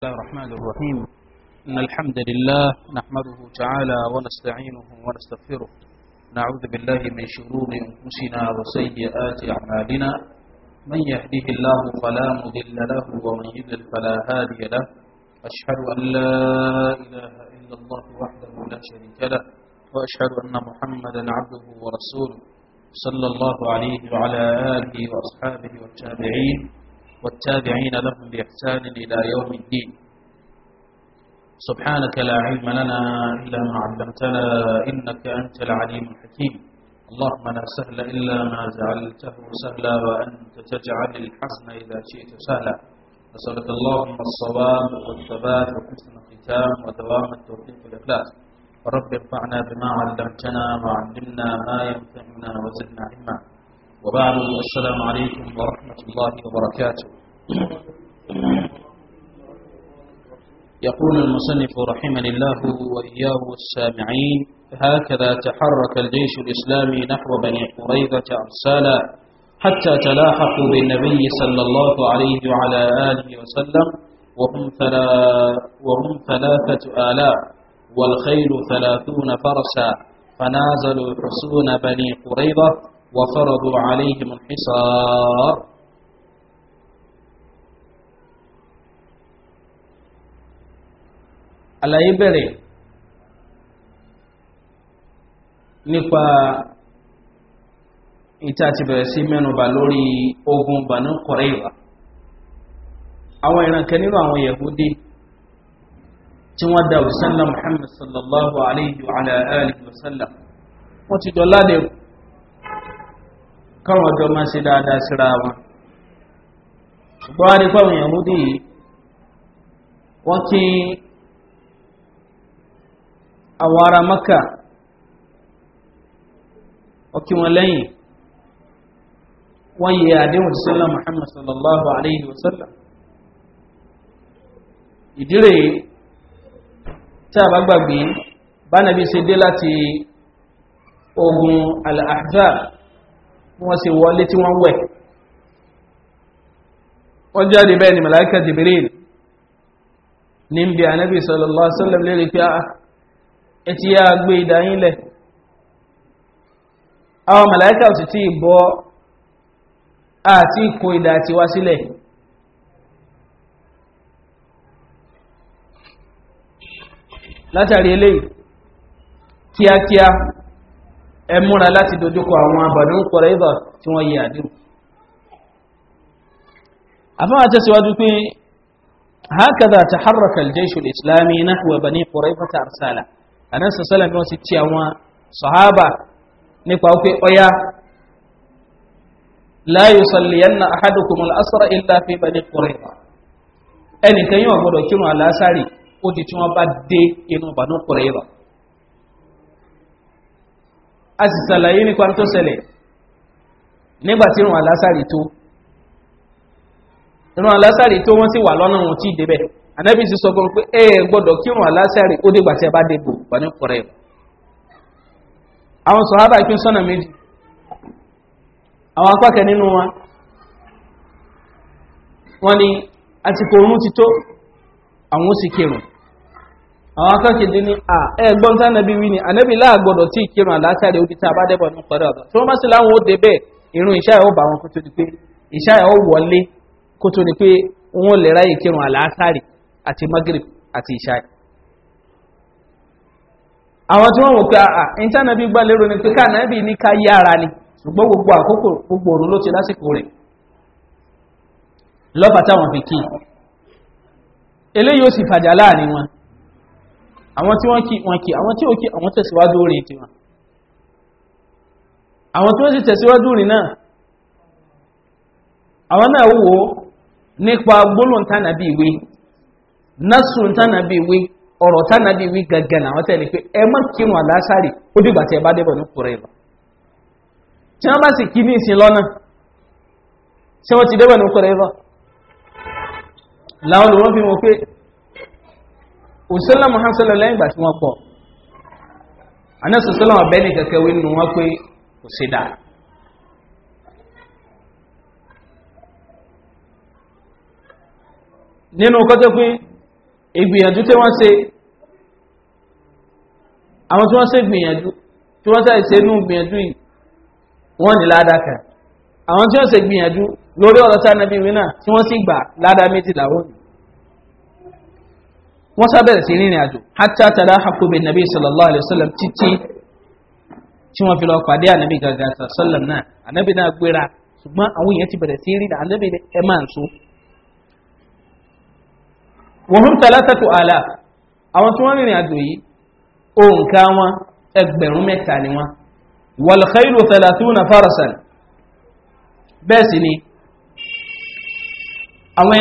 الله الرحمن الرحيم إن الحمد لله نحمده تعالى ونستعينه ونستغفره نعوذ بالله من شرور أنفسنا وسيئات أعمالنا من يهده الله فلا مضل له ومن يضلل فلا هادي له أشهد أن لا إله إلا الله وحده لا شريك له وأشهد أن محمدا عبده ورسوله صلى الله عليه وعلى آله وأصحابه والتابعين والتابعين لهم بإحسان إلى يوم الدين سبحانك لا علم لنا إلا ما علمتنا إنك أنت العليم الحكيم اللهم لا سهل إلا ما جعلته سهلا وأنت تجعل الحسن إذا شئت سهلا أسألك اللهم الصواب والثبات وحسن الختام ودوام التوفيق والإخلاص رب ارفعنا بما علمتنا وعلمنا ما ينفعنا وزدنا علما وبعد السلام عليكم ورحمة الله وبركاته يقول المصنف رحمه الله وإياه السامعين هكذا تحرك الجيش الإسلامي نحو بني قريظة أرسالا حتى تلاحقوا بالنبي صلى الله عليه وعلى آله وسلم وهم, ثلا وهم ثلاثة آلاف والخيل ثلاثون فرسا فنازلوا حصون بني قريظة وفرضوا عليهم الحصار àlàyé bẹ̀rẹ̀ nípa ìta ti bẹ̀rẹ̀ sí mẹ́nubà lórí ogun Banu Qurayza àwọn ìrànkẹ́ nínú àwọn Yahudi tí wọ́n da òsánlá Muhammad sallallahu alayhi wa sallam wọ́n ti dọ̀lá káwọn ọjọ́ máa ṣe dáadáa síra wọn ṣùgbọ́n wá ní fáwọn Yahudi yìí wọ́n kí àwọn ará Maka wọ́n kí wọn lẹ́yìn wọ́n yẹ àdéhùn sọ́lá Muhammad sallallahu alayhi wa sallam ìdílé tí a bá gbàgbé bá nàbí ṣe dé láti ogun al-Ahzab wọ́n sì wọlé tí wọ́n wẹ̀ wọ́n jáde bẹ́ẹ̀ ni màláíkà Jibril ní bí anábì sallallahu alaihi wasallam lérí pé ah, ẹ ti yá gbé sílẹ̀ látàrí eléyìí kíákíá ẹ múra láti dojúkọ àwọn àbàdàn ń kọrọ ìbà tí wọ́n yẹ àdéhùn afọ́nà tẹ́síwájú pé هكذا تحرك الجيش الإسلامي نحو بني قريظة أرسالة أنا سأسأل أنه ستي أوان صحابة نقول أوكي أويا لا يصلين أحدكم الأسر إلا في بني قريظة أني كان يوم أقول كنوا على أساري ó di tí wọ́n bá dé inú bànú kùrẹ́rọ̀ a sì sàlàyé nípa tó ṣẹlẹ̀ nígbàtí ìrùn alásàrì tó ìrùn alásàrì tó wọ́n sì wà lọ́nà wọn tí débẹ̀ anábì sì sọ fún pé ẹ gbọ́dọ̀ kí ìrùn alásàrì ó dé gbàtí ẹ débò wà ní kọrẹ́ àwọn sọ̀hábà ìpín sọ́nà méjì àwọn apákẹ́ nínú wọn wọn ni àsìkò oorun ti tó àwọn ó sì kírun àwọn akẹ́kẹ̀ẹ́ ní à ẹgbọ́n tí anabi wí ni anabi láàgbọ́dọ̀ tí ìkírun àlásàrè ó di a bá dẹ́bọ̀ ní pẹ̀lú àgbà tí wọ́n bá sì láwọn ó dé bẹ́ẹ̀ irun ìṣá ẹ̀ ó bá wọn kó tó di pé ìṣá ẹ̀ ó wọlé kó tó di pé wọn ò lè ráyè kírun àlásàrè àti magrib àti ìṣá ẹ̀. àwọn tí wọ́n wò pé à ń gbà lérò ni pé káànábì ní ká yára ni ṣùgbọ́n gbogbo àkókò gbogbo òru ló ti lásìkò rẹ̀ lọ́ba àwọn tí wọ́n kí wọ́n kí àwọn tí ó kí àwọn tẹ̀síwájú orin ti wọn àwọn tí wọ́n sì tẹ̀síwájú orin náà àwọn náà wò nípa gbólóhùn tánàbí ìwé násù tánàbí ìwé ọ̀rọ̀ tánàbí ìwé gangan àwọn tẹ̀lé pé ẹ má kírun àlásàrì ó dìgbà tí ẹ bá débọ̀ ní kúrẹ́ lọ tí wọ́n bá sì kí ní ìsìn lọ́nà ṣé wọ́n ti débọ̀ ní kúrẹ́ lọ làwọn olùrọ̀ fi mọ̀ pé òṣèlú muhammed sọlọ lẹ́yìn ìgbà tí wọ́n pọ̀ anẹ́sọ̀ sọlọ ọ̀bẹ́ ní kẹ̀kẹ́ wí nù wọ́n pé kò sí dà nínú kọ́tẹ́ pé ìgbìyànjú tí wọ́n ṣe àwọn tí wọ́n ṣe gbìyànjú tí wọ́n sáì ṣe nú gbìyànjú yìí wọ́n ní ládàkà àwọn tí wọ́n ṣe gbìyànjú lórí ọ̀rọ̀ sáà nàbí wínà tí wọ́n sì gbà ládàá méjìlá wọ́n ní wọ́n sábẹ̀rẹ̀ sí rìnrìn àjò hátà tàdá hakobi nàbí sallallahu alayhi wa sallam títí tí wọ́n fi lọ pàdé ànábì gàgà sallam náà ànábì náà gbéra ṣùgbọ́n àwọn èèyàn ti bẹ̀rẹ̀ sí rìnrìn ànábì ẹ máa ń so. wọ́n hún tàlátàtù àlà àwọn tí wọ́n rìnrìn àjò yìí ohun ká wọn ẹgbẹ̀rún mẹ́ta ni wọn. wàlùkàìlù tàlátùnà farasan bẹ́ẹ̀ sì ni àwọn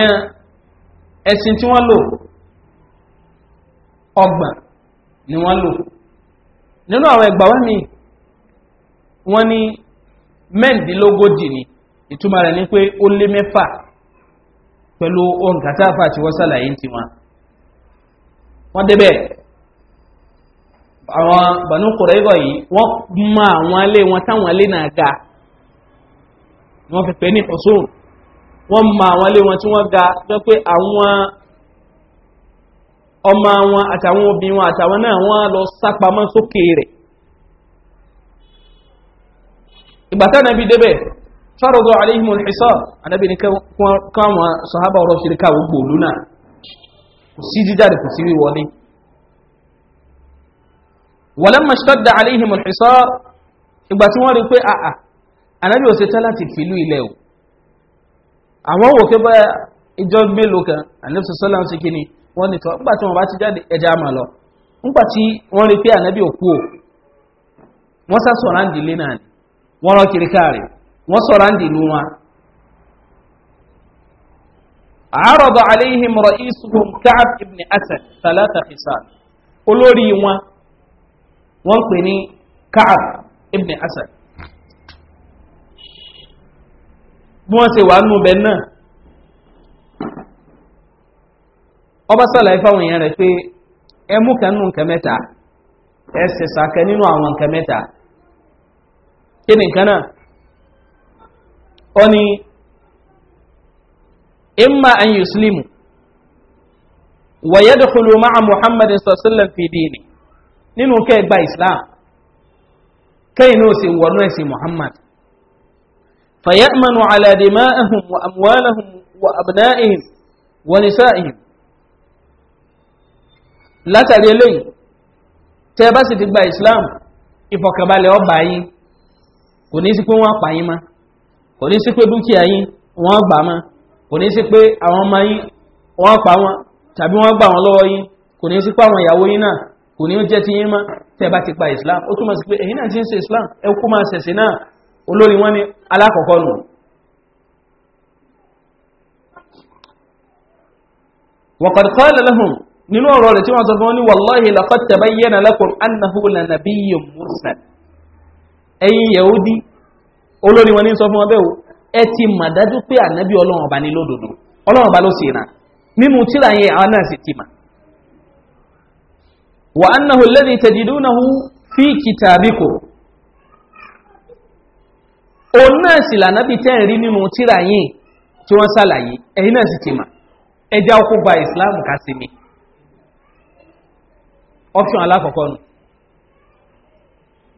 ẹṣin tí wọ́n lò ọgbọ̀n ni wọ́n lò nínú àwọn ẹgbà wọn mi wọ́n ní mẹ́ǹdínlógójì ni ìtumọ̀ rẹ̀ ni pé ó lé mẹ́fà pẹ̀lú òǹkà tá a fà tí wọ́n ṣàlàyé ti wọn. wọ́n débẹ̀ àwọn bànú kòrẹ́gọ̀ yìí wọ́n mọ àwọn alé wọn táwọn alé náà ga wọ́n fi ní ọ̀ṣun wọ́n mọ àwọn alé wọn tí wọ́n ga jọ pé àwọn. ọmọ wọn àtàwọn obìnrin àtàwọn náà wọ́n lọ sápamọ́ sókè rẹ̀ ìgbàtà nàbí débẹ̀ fárọ̀dọ̀ aléhìmọ̀ ìṣọ́ ní káwọn sọ̀hábà ọ̀rọ̀ ṣìríkà gbogbo òlú náà kò sí jíjáde kò sí wíwọlé ìṣọ́ ìgbà tí wọ́n rí pé àà ò ṣetán láti fìlú ilẹ̀ o wọ́n ní tọ́ nígbà wọ́n bá ti jáde ẹja àmà lọ nígbà wọ́n rí pé ànábì òkú o wọ́n sá sọ̀rọ̀ àǹdí ilé náà ni wọ́n rán kiri káàrí wọ́n sọ̀rọ̀ àǹdí ìlú wọn. àárọ̀dọ̀ mọ̀rọ̀ talata olórí wọn wọ́n pè ní káàb ibn asad bí wọ́n ṣe wà ọba sàlàyé fáwọn èèyàn rẹ̀ pé ẹ mú kan nù nǹkan mẹ́ta ẹ sì sàkẹ́ nínú àwọn nǹkan mẹ́ta kí ni nǹkan náà ó ní imma an yuslimu wa yadkhulu ma'a muhammadin sallallahu alaihi wasallam fi dini nínú kẹ́ gba islam kẹ́yìn náà sì wọnú ẹ̀sìn muhammad fayamanu ala dima'ahum wa amwalahum wa abna'ihim wa nisa'ihim látàrí eléyìí tẹ́ bá sì ti gba islam ìfọ̀kànbalẹ̀ ọba yín kò ní sí pé wọ́n pa yín ma kò ní sí pé dúkìá yín wọ́n gbà ma kò ní sí pé àwọn ọmọ yín wọ́n pa wọn tàbí wọ́n gbà wọn lọ́wọ́ yín kò ní sí pé àwọn ìyàwó yín náà kò ní jẹ́ ti yín ma tẹ́ bá ti pa islam ó túmọ̀ sí pé èyí náà ti ń ṣe islam ẹ kú máa ṣẹ̀ṣẹ̀ náà olórí wọn ni alákọ̀ọ́kọ́ nù wọ̀kọ̀dùkọ́ lẹ́lẹ́hùn nínú ọ̀rọ̀ rẹ̀ tí wọ́n sọ fún wọn ní wàláhì laqad tabayyana lakum annahu lanabiyyun mursal ẹ̀yin yahudi olórí wọn ní sọ fún wọn bẹ́ẹ̀ o ẹ ti mà dájú pé ànábì ọlọ́run ọba ní lódodo ọlọ́run ọba ló sì rà nínú tíra yẹn àwọn náà sì ti mà. wa annahu alladhi tajidunahu fi kitabiku òun náà sì lànábì tẹ́ ẹ̀ nínú tíra yẹn tí wọ́n sàlàyé ẹ̀yin náà sì ti mà ẹ option alákọ̀ọ́kọ́ nù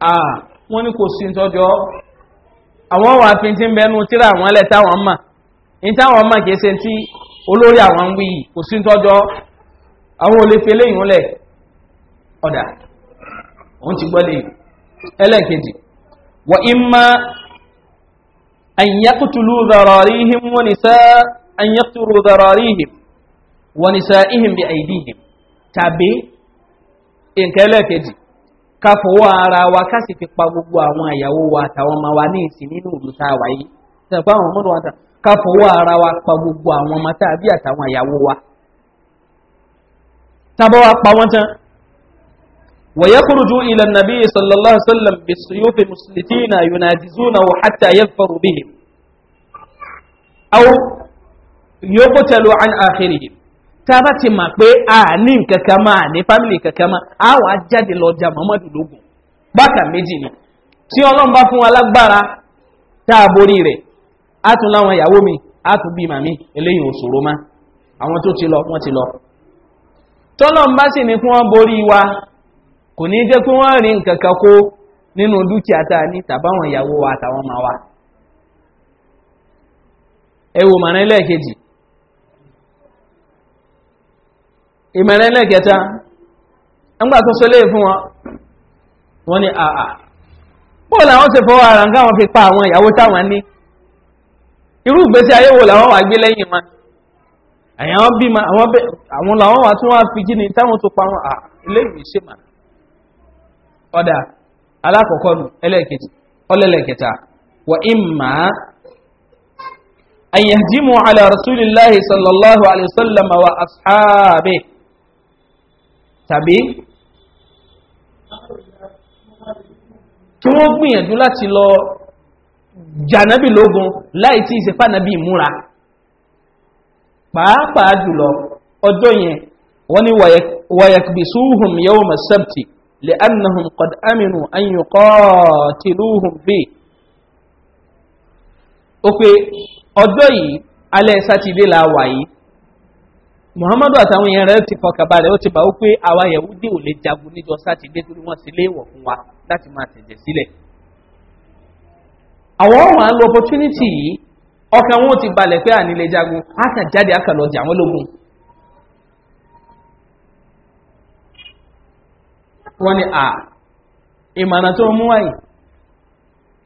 à ah, wọ́n ní kò sí tọ́jọ́ àwọn wà fi ti ń bẹnu tíra àwọn ẹlẹ́ táwọn mà ní táwọn mà tí olórí àwọn kò sí àwọn fi eléyìí ọ̀dà òun ti ẹlẹ́ẹ̀kejì wọ́n nǹkan ẹlẹ́ẹ̀kejì ká fọwọ́ ara wa ká sì fi pa gbogbo àwọn àyàwó wa àtàwọn ọmọ wa ní ìsìn nínú ìlú tá a wà yìí sẹ́yìn fún àwọn ọmọdé wa ká fọwọ́ ara wa pa gbogbo àwọn ọmọ tá a bí àtàwọn àyàwó wa tábọ́ wa pa wọ́n tán ويخرجوا إلى النبي صلى الله عليه وسلم بالسيوف مسلتين ينادزونه حتى يظفر بهم أو يقتل عن آخرهم tá a bá ti mọ̀ pé a ní nǹkan kan mọ́ a ní fámìlì kankan mọ́ a wà á jáde lọ ja muhammadu lógun bákan méjì ni tí ọlọ́run bá fún wa lágbára tá a borí rẹ̀ á tún láwọn ìyàwó mi á tún bí màmí eléyìí ò ṣòro má àwọn tó ti lọ wọ́n ti lọ tọ́lọ́run bá sì ní kí wọ́n borí wa kò ní jẹ́ pé wọ́n rí nǹkan kan kó nínú dúkìá tá a ní tàbáwọn ìyàwó wa àtàwọn ọmọ wa ẹ wò màrán ẹlẹ́ẹ̀kejì ìmẹ̀rẹ̀ lẹ́kẹta ẹgbà tó sọ léè fún wọn wọ́n ni àà bóò làwọn ti fọwọ́ ara nǹkan àwọn fi pa àwọn ìyàwó táwọn ní irú ìgbésí ayé wo làwọn wà gbé lẹ́yìn wọn àyàwọn bímọ àwọn làwọn wà tí wọ́n fi jí ni táwọn tó pa wọn à iléèwé ṣe mà ọ̀dà alákọ̀ọ́kọ́ nù ẹlẹ́ẹ̀kejì ọlẹ́lẹ́kẹta wà ìmà ayẹ̀dìmọ̀ alẹ́ rasulillah sallallahu alayhi wa sallam wa ashaabih tàbí kí wọ́n gbìyànjú láti lọ jànábì lógun láì tí ìsẹ̀pá nàbì múra pàápàá jùlọ ọjọ́ yẹn wọ́n ni wàyàkbì súhùn yóò mọ̀ sẹ́ptì lè annahun kọ̀d aminu an yìí kọ́ tìlúhùn bí ó pé ọjọ́ yìí alẹ́ sátidé la yìí muhammadu àtàwọn èèyàn rẹ ti fọkàn balẹ̀ ó ti bá ó pé àwa yahudi ò lè jagun níjọ sátidé torí wọ́n ti léèwọ̀ fún wa láti máa tẹ̀jẹ̀ sílẹ̀. àwọn ọ̀run à opportunity yìí ọkàn wọn ò ti balẹ̀ pé àní lè jagun á kàn jáde á kàn lọ jà wọ́n lógun. wọ́n ní à ìmọ̀ràn tó mú wáyé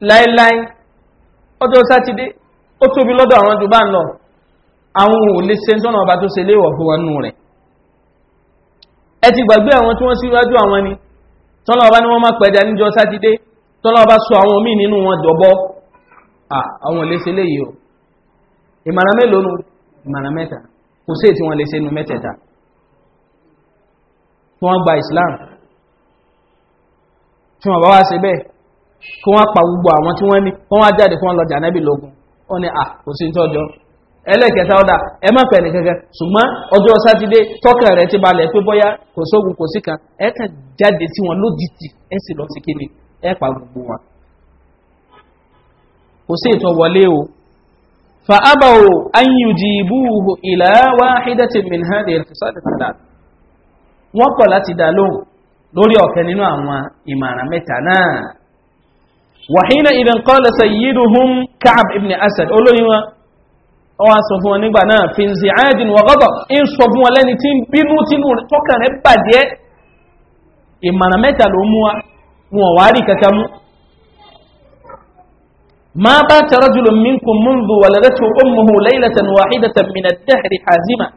láéláé ọjọ́ sátidé ó tóbi lọ́dọ̀ àwọn jù bá ń lọ àwọn ò lè ṣe tọ́nà ọba tó ṣe léwọ̀ fún wọn nù rẹ̀ ẹ ti gbàgbé àwọn tí wọ́n síwájú àwọn ni tọ́nà ọba ni wọ́n má pẹ̀dà níjọ́ sátidé tọ́nà ọba sọ àwọn míì nínú wọn dọ̀bọ́ àwọn ò lè ṣe léyìí o ìmọ̀ràn mélòó nu ìmọ̀ràn mẹ́ta kò sí ètí wọn lè ṣe nu mẹ́tẹ̀ẹ̀ta tí wọ́n gba Islam tí wọ́n bá wá ṣe bẹ́ẹ̀ kí wọ́n pa gbogbo àwọn tí wọ́n ní wọ́n wá jáde kí wọ́n lọ jà nẹ́bì lógun wọ́n ní à kò sí tọ́jọ́ ẹlẹ́kẹta ọ̀dà ẹ má pẹ̀lẹ̀ kankan ṣùgbọ́n ọjọ́ sátidé rẹ̀ ti balẹ̀ pé bọ́yá kò sóògùn kò sí kan ẹ kàn jáde sí wọn lójijì ẹ sì lọ sí kíni ẹ pa gbogbo wọn. kò sí ìtọ̀ wọlé o fa o anyuji ibúhu ìlà wá hídẹ́tì minhadi ìrìnsọ́dẹ̀ tàdá wọ́n pọ̀ láti dá lóhùn lórí ọ̀kẹ́ nínú àwọn mẹ́ta náà wàhíná ọwá sọ fún wọn nígbà náà fi ń zì áyàdìn wọ gọ́gọ̀ ń sọ fún wọn lẹ́ni tí ń bínú tínú tọ́kàn rẹ̀ bàjẹ́ ìmọ̀ràn mẹ́ta ló mú wa wọn wá rí kankan mú ma bá tẹ̀rọ jùlọ mínkù múndù wà lẹ́rẹ́ tí ó mú lẹ́yìnlẹ́tàn wàhídàtàn mìnà dẹ́hẹ̀rì hazima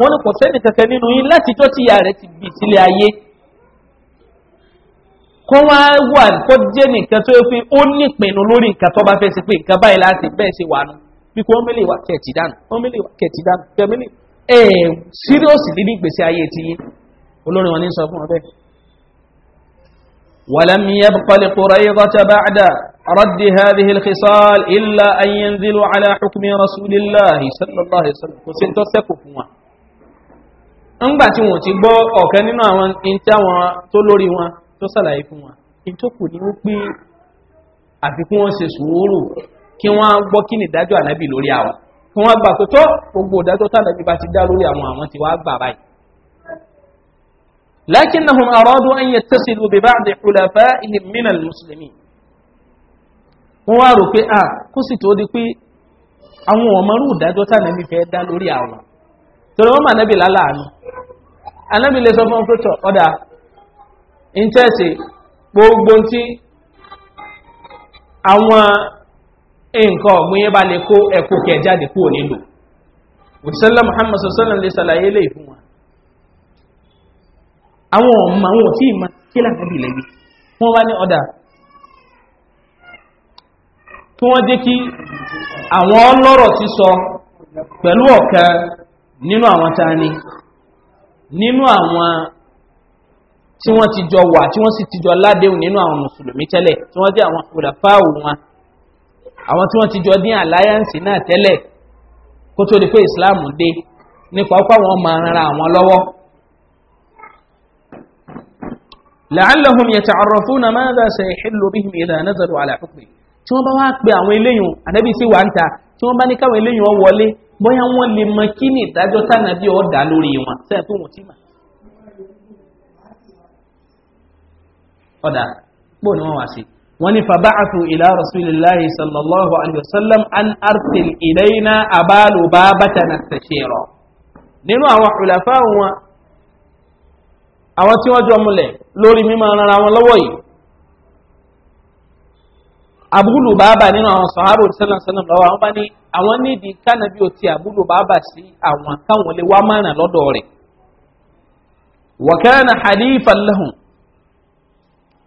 wọn kò sẹ́ni kankan nínú yín láti tó ti yà rẹ̀ ti bì sílẹ̀ ayé kó wá wà kó jẹ́ nìkan tó yẹ ó nípinnu lórí nǹkan tó bá fẹ́ sí pé nǹkan báyìí láti bẹ́ẹ̀ ṣe wà nù pípọ̀ wọ́n mẹ́lẹ̀ wà kẹ̀tì dànù wọ́n mẹ́lẹ̀ wà kẹ̀tì dànù tẹ̀mẹ́lẹ̀ ẹ̀ síríọ̀sì nínú ìgbésí ayé ti yín olórin wọn ní sọ fún ọ bẹ́ẹ̀. ولم يبق لقريضة بعد رد هذه الخصال إلا أن ينزلوا على حكم رسول الله صلى الله عليه وسلم وسن تسكفوا ńgbà tí wọ́n ti gbọ́ ọ̀kan nínú àwọn ìntẹ́ wọn tó lórí wọn tó sàlàyé fún wọn ìtókù ni wọ́n pé àfikún wọn sùúrù kí wọ́n gbọ́ kí ni ìdájọ́ ànábì lórí àwọn kí wọ́n gbà pé tó gbogbo ìdájọ́ tànábì bá ti dá lórí àwọn àwọn ti wá gbà báyìí. لكنهم أرادوا أن يتصلوا ببعض حلفائهم من المسلمين wọ́n wá rò pé à ah, kó sì tó di pé àwọn ọmọrú ìdájọ́ tànàbí fẹ́ dá lórí àwọn torí wọ́n mà nábì láláàánú anábì lè sọ fún pẹ́tọ̀ ọ̀dà ìńtẹ́sì gbogbo tí àwọn nǹkan ọ̀gbìn yẹn bá lè kó ẹ̀kú kẹ̀ jáde kúrò nílò òṣìṣẹ́lá muhammad sọ́sọ́lá lè ṣàlàyé lè fún wa àwọn ọmọ àwọn òtí ìmọ̀ kí láti bí lẹ́gbẹ́ wọ́n wá ní ọ̀dà tí wọ́n jẹ́ kí àwọn ọlọ́rọ̀ ti sọ pẹ̀lú ọ̀kan nínú àwọn ta nínú àwọn tí wọ́n ti jọ wà tí wọ́n sì ti jọ ládéhùn nínú àwọn mùsùlùmí tẹ́lẹ̀ tí wọ́n jẹ́ àwọn kòdàfáà wọn àwọn tí wọ́n ti jọ ní alliance náà tẹ́lẹ̀ kó tó di pé islam dé nípa ọ̀pọ̀ àwọn ọmọ ara àwọn lọ́wọ́. la'allahum yata'arrafuna madha sayahillu bihim idha nazaru ala hukmi tí wọ́n bá wá pe àwọn eléyìn ànábì sí wà ń ta tí wọ́n bá ní káwọn eléyìn ọ wọlé bóyá wọ́n lè mọ kí ni ìdájọ́ tánàbí ọ̀ dá lórí wọn sẹ́yìn tó wọ́n ti mà. ọ̀dà pò ní wọ́n wá sí wọ́n ni fàbáàtù ilá rasulillahi sallallahu alaihi wasallam an arsil ilaina abalu babata na tashiro nínú àwọn kùlàfà wọn àwọn tí wọ́n jọ múlẹ̀ lórí mímọ̀ rárá wọn lọ́wọ́ yìí abúlù bàbà nínú àwọn sọ̀hárò sẹ́lẹ̀sẹ́lẹ̀ lọ́wọ́ àwọn bá ní àwọn nídìí kánàbí ò ti abúlù bàbà sí àwọn káwọn lè wá márùn lọ́dọ̀ rẹ̀ wọ̀kẹ́rẹ́ na hadith fallahun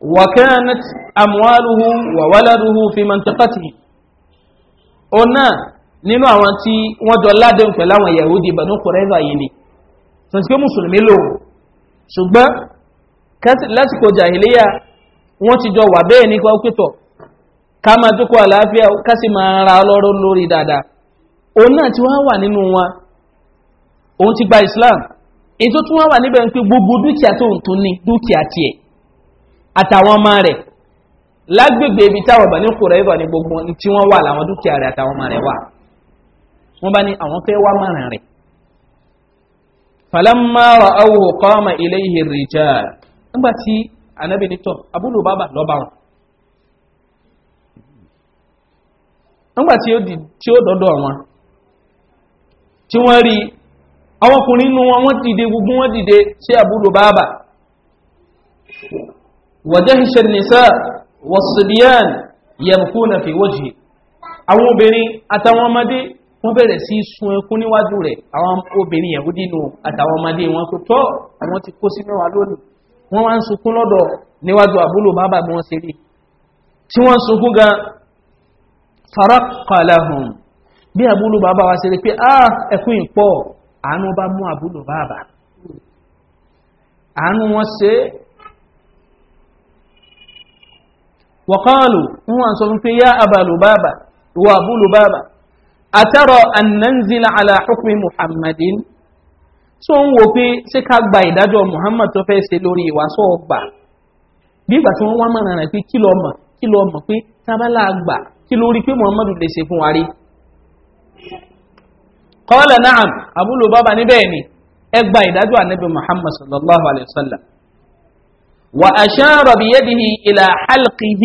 وكانت أمواله وولده في منطقته أنا nínú àwọn tí wọ́n jọ ládéhùn pẹ̀lú àwọn yahudi banu kùrẹ́dà yìí ni tuntun kí mùsùlùmí lòun ṣùgbọ́n lásìkò jahiliya wọ́n ti jọ wà bẹ́ẹ̀ ní kọ́ pẹ́tọ̀ ká máa dúkọ́ àlàáfíà ká sì ra ọlọ́rọ̀ lórí dáadáa òun náà tí wọ́n wà nínú wọn òun ti gba islam àtàwọn ọmọ rẹ̀ lágbègbè ibi táwọn ọba ní kúrẹ́ ní gbogbo tí wà láwọn dúkìá rẹ̀ àtàwọn ọmọ wà wọ́n bá ní àwọn fẹ́ wá mọ̀ràn rẹ̀ falamma wa awo kọ́mà ilé ihe rìjà nígbà tí anabi ní tọ́ abúlù bàbà lọ́ba wọn nígbà tí ó dọ́dọ̀ wọn tí wọ́n rí àwọn wàjẹ́hìṣ nìsá wàsùdíyàn yẹ̀mkúnà fi wọ́jì àwọn obìnrin àtàwọn ọmọdé wọ́n bẹ̀rẹ̀ sí sun ẹkún níwájú rẹ̀ àwọn obìnrin yẹ̀wú dínú àtàwọn ọmọdé wọn kò tọ́ àwọn ti kó sí mẹ́wàá lónìí wọ́n wá ń sunkún lọ́dọ̀ níwájú àbúlò bàbá bí wọ́n ṣe rí tí wọ́n sunkún gan farakalahun bí àbúlò bàbá wa ṣe pé ah ẹkún ìpọ̀ àánú bá mú àbúlò bàbá àánú wọn ṣe وقالوا هو أنصر في يا أبا لبابة وأبو لبابة أترى أن ننزل على حكم محمد so ń wo pé ṣé ká gba ìdájọ́ muhammad tó fẹ́ ṣe lórí ìwàsó ọgbà bí ìgbà tí wọ́n wá mọ̀ràn rẹ̀ pé kí lọ mọ̀ kí lọ mọ̀ pé tábàlà àgbà kí lórí pé muhammad lè ṣe fún wa rí. kọ́lá náà abúlò bábà níbẹ̀ ni ẹ gba ìdájọ́ ànábì muhammad sallallahu alayhi wa sallam وأشار بيده إلى حلقه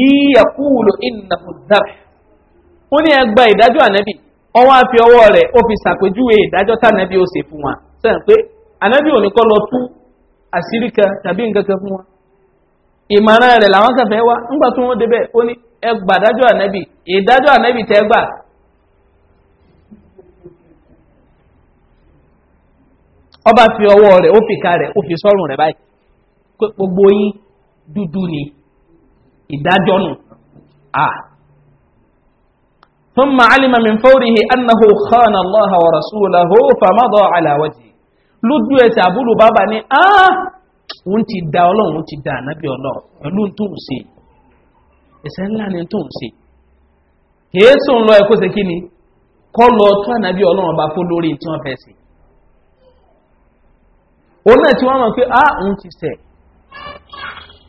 يقول إنه الذبح ó ní ẹgbẹ́ ìdájọ́ ànábì ọwọ́ àfi ọwọ́ rẹ̀ ó fi ṣàpèjúwe ìdájọ́ tànábì ó ṣe fún wa sẹ́yìn pé ànábì ò ní kọ́ lọ tú àṣírí kan tàbí nǹkan kan fún wa ìmọ̀ràn rẹ̀ làwọn kan fẹ́ wá nígbà tí wọ́n débẹ̀ ó ní ẹgbà ìdájọ́ ànábì ìdájọ́ ànábì tẹ́ gbà. ọba fi ọwọ́ rẹ̀ ó fi ka rẹ̀ ó fi sọ́rùn rẹ̀ báyìí pé gbogbo yín dúdú ni ìdájọ́ nù à fún màálìmà mi fọ́rìhì annahu khanna allaha wa rasulahu famadọ́ alawaji lójú ẹsẹ̀ àbúrò bàbá ni ah wọ́n ti da ọlọ́run ti da ànábì ọlọ́run pẹ̀lú tó ń se ẹsẹ̀ ńlá ni tó ń se kìí sùn lọ ẹ̀kọ́ sí kí ni kọ́ lọ tún ànábì ọlọ́run ọba fún lórí tí wọ́n fẹ́ sí òun náà tí wọ́n mọ̀ pé ah òun ti sẹ̀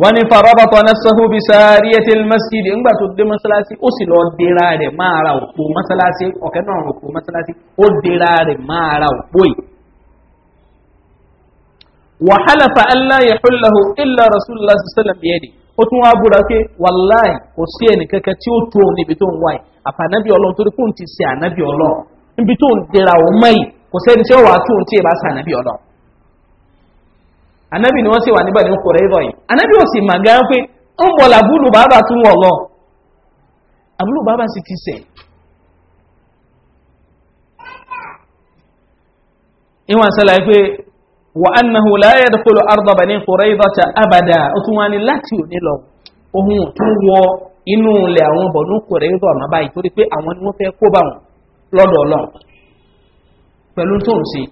wọ́n ní farabata nasahu bi sariyatil masjid ńgbà tó dé masalasi ó sì lọ dira rẹ̀ máa ra òpó masalasi ọ̀kẹ́ náà òpó masalasi ó dira rẹ̀ máa ra òpó yìí. wàhálà fa allah ya xullahu illa rasulillah sallam yẹni ó tún wá búra pé wàláì kò sí ẹnì kankan tí ó tó o níbi tó ń wáyé àfànàbí ọlọ́run torí kò ń ti ṣe ànábì ọlọ́run níbi tó ń dira òun mẹ́yìn kò sẹ́ni tí ó wàá tó o ń tí ì bá ṣànábì ọlọ́run anabi ni wọ́n sì wà nígbà ní kòrè ìrọ̀ yìí anabi ò sì mà gan pé ń bọ̀ làbúlù bàbá tún wọ̀ lọ àbúlù bàbá sì ti sẹ̀ ìwọ̀n sẹ́lá pé wà ánahu láyé dùkúlù ardọ̀bà ní kòrè ìrọ̀ ta abada ó tún wá ní láti òní lọ ohun tó wọ inú ilẹ̀ àwọn bọ̀ ní kòrè ìrọ̀ àmà báyìí torí pé àwọn ni wọ́n fẹ́ kó bá wọn lọ́dọ̀ ọlọ́run pẹ̀lú tóun sí i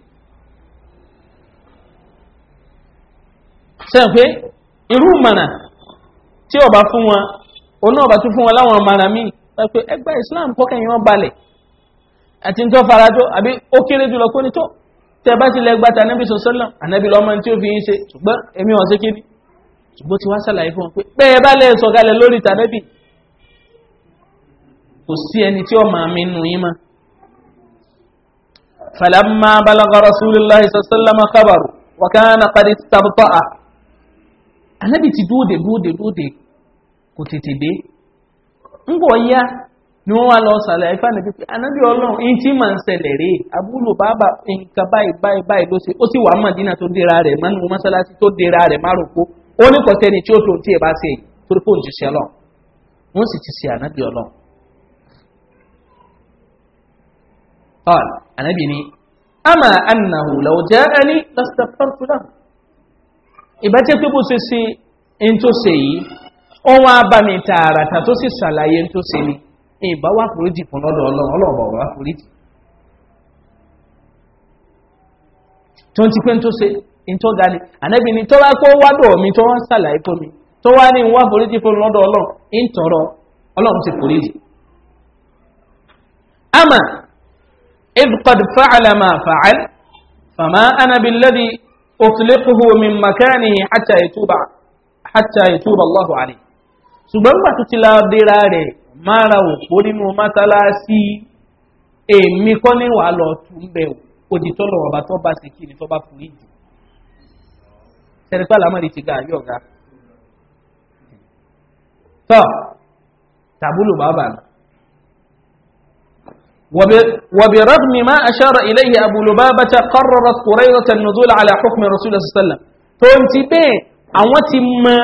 sẹ́yìn pé irú mọ̀nà tí ọba fún wọn òun ọba tún fún wọn láwọn mọ̀nà míì sọ ẹgbẹ́ islam kọ́kẹ́yìn wọn balẹ̀ àti tó farajọ àbí ó kéré jùlọ kó ní tó tẹ bá ti lẹ gbàtà anábì sọsọlọ anábì lọmọ tí ó fi ṣe ṣùgbọ́n èmi wọn ṣe kí ṣùgbọ́n tí wọ́n ṣàlàyé fún wọn pé bẹ́ẹ̀ bá lẹ sọ̀kalẹ̀ lórí tànábì kò sí ẹni tí ó máa mi nù yín mọ́. فلما بلغ رسول الله صلى الله عليه وسلم anabi ti duude dóòdè dóòdè kò tètè dé ń bọ̀ yá ni wọ́n wá lọ sàlẹ̀ ifá pé anabi ọlọ́run in ti ma ń ṣẹlẹ̀ rèé abúlò bàbá nǹkan báyìí báyìí ló ṣe ó sì wà mọ̀dínà tó dira rẹ̀ mọ́nú mọ́sálásí tó dira rẹ̀ márùkú ó ní kò sẹ́ni tí ó tó tí ẹ bá ṣe torí ti lọ wọ́n ìbátẹ́ pé bó ṣe ṣe ń tó ṣe yìí ó wá bá mi tààràtà tó sì ṣàlàyé ń tó ṣe ni ìbá wà foríjì fún lọ́dọ̀ ọlọ́run ọlọ́ọ̀bọ̀ wà foríjì tó ń ti pé ń tó ṣe ń tó ga ni ànábì ni tó wá kó wádọ̀ mi tó wá ṣàlàyé fún mi ama if qad fa'ala ma fa'al fama anabi ladi. أطلقه من مكانه حتى يتوب حتى يتوب الله عليه ṣùgbọ́n gbà tó ti la dira rẹ̀ máa ra òpó nínú mọ́tálásí èmi kọ́ ní wàá lọ tún bẹ̀ òdì tó lọ́wọ́ bá tó bá ṣe kí ni tó bá fún ìdí sẹ́nipá làmọ́ni ti ga àyọ̀gá tọ́ tàbúlò bàbá náà. وبرغم ما أشار إليه أبو لبابة قررت قريظة النزول على حكم رسول الله صلى الله عليه وسلم tonti pe àwọn ti mọ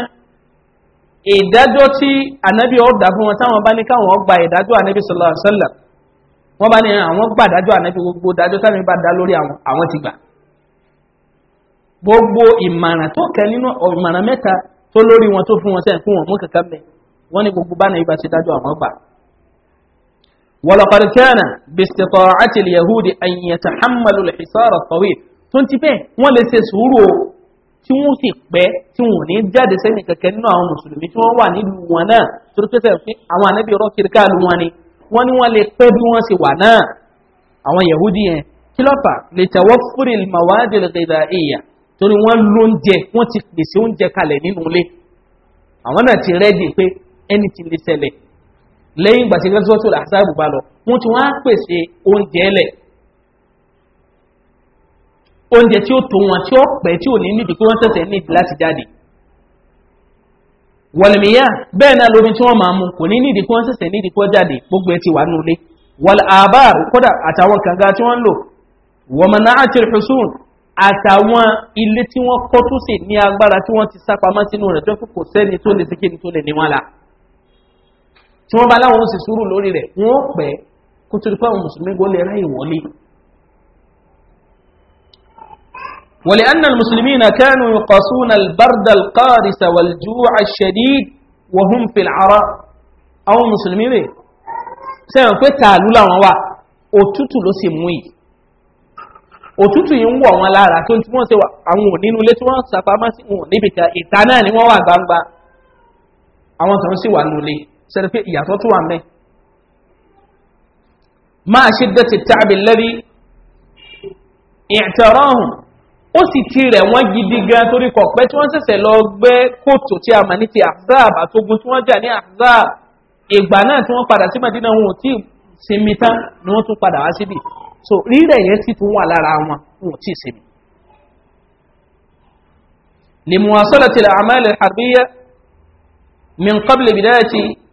ìdájọ́ tí anabi ọ̀dà fún wọn táwọn bá ní káwọn gba ìdájọ́ anabi sallallahu bá ní àwọn gba ìdájọ́ anabi gbogbo ìdájọ́ táwọn bá dá lórí àwọn ti gbà gbogbo ìmàràn tó kẹ nínú ìmàràn mẹ́ta tó lórí wọn tó fún wọn sẹ́yìn fún wọn mú kankan bẹ́ẹ̀ wọ́n ní gbogbo bá náà ibà ti dájọ́ àwọn gbà ولقد كان باستطاعة اليهود أن يتحملوا الحصار الطويل تنتي بيه ولا سيسورو tí wọ́n sì pẹ́ tí wọ́n ní jáde sẹ́yìn kẹ̀kẹ́ nínú àwọn mùsùlùmí tí wọ́n wà nílùú wọn náà torí pé sẹ́yìn pé àwọn ànábì ọ̀rọ̀ kìrìkà lu wọn ni wọ́n ní wọ́n lè pẹ́ bí wọ́n sì wà náà àwọn yahudi yẹn kí ló fà lè tẹ̀wọ́ fúri màwáàdì lẹ́gbẹ̀dà èèyàn torí wọ́n lóúnjẹ wọ́n ti pèsè oúnjẹ kalẹ̀ nínú ilé àwọn náà ti rẹ́dì pé anything lè ṣẹlẹ̀ lẹ́yìn ìgbà tí gẹ́sọ́tò àṣàbù bá lọ wọ́n ti wọ́n á pèsè oúnjẹ ẹlẹ̀ oúnjẹ tí ó tó wọn tí ó pẹ́ tí ò ní níbi pé wọ́n tẹ̀sẹ̀ níbi láti jáde wọ̀lẹ̀mìyà bẹ́ẹ̀ náà lómi tí wọ́n máa mú kò ní níbi pé wọ́n tẹ̀sẹ̀ níbi pé wọ́n jáde gbogbo ẹ ti wà nulẹ̀ wọ̀lẹ̀ àbá kódà tí wọ́n bá láwọn sì sùúrù lórí rẹ̀ wọ́n pẹ́ kó tó di àwọn mùsùlùmí gbọ́ ráyè wọlé ولأن المسلمين كانوا يقاسون البرد القارس والجوع الشديد وهم في العراء أو مسلمين sẹ́yìn pé tààlú làwọn wà òtútù ló sì mú yìí òtútù yìí ń wọ̀ wọn lára tó ń tí wọ́n ṣe àwọn nínú ilé tí wọ́n sàpamọ́ wọn níbi ìta náà ni wọ́n wà gbangba àwọn kan sì wà nulẹ̀ sẹ́ni pé ìyàtọ̀ tó wà mẹ́ máa ṣe dẹ́tẹ̀ tàbí lẹ́bí ìtẹ̀rọ̀hùn ó sì ti rẹ̀ wọ́n gidi gan torí kọ̀ pé tí wọ́n sẹ̀sẹ̀ lọ gbé kóòtù tí a mà ní ti azab àtogun tí wọ́n jà ní azab ìgbà náà tí wọ́n padà sí madina wọn ò tí ì sinmi tán ni wọ́n tún padà wá síbi so rírẹ̀ yẹn sì tún wà lára wọn wọn ò tí ì sinmi. limuwasalati al'amal al-harbiya min qabli bidayati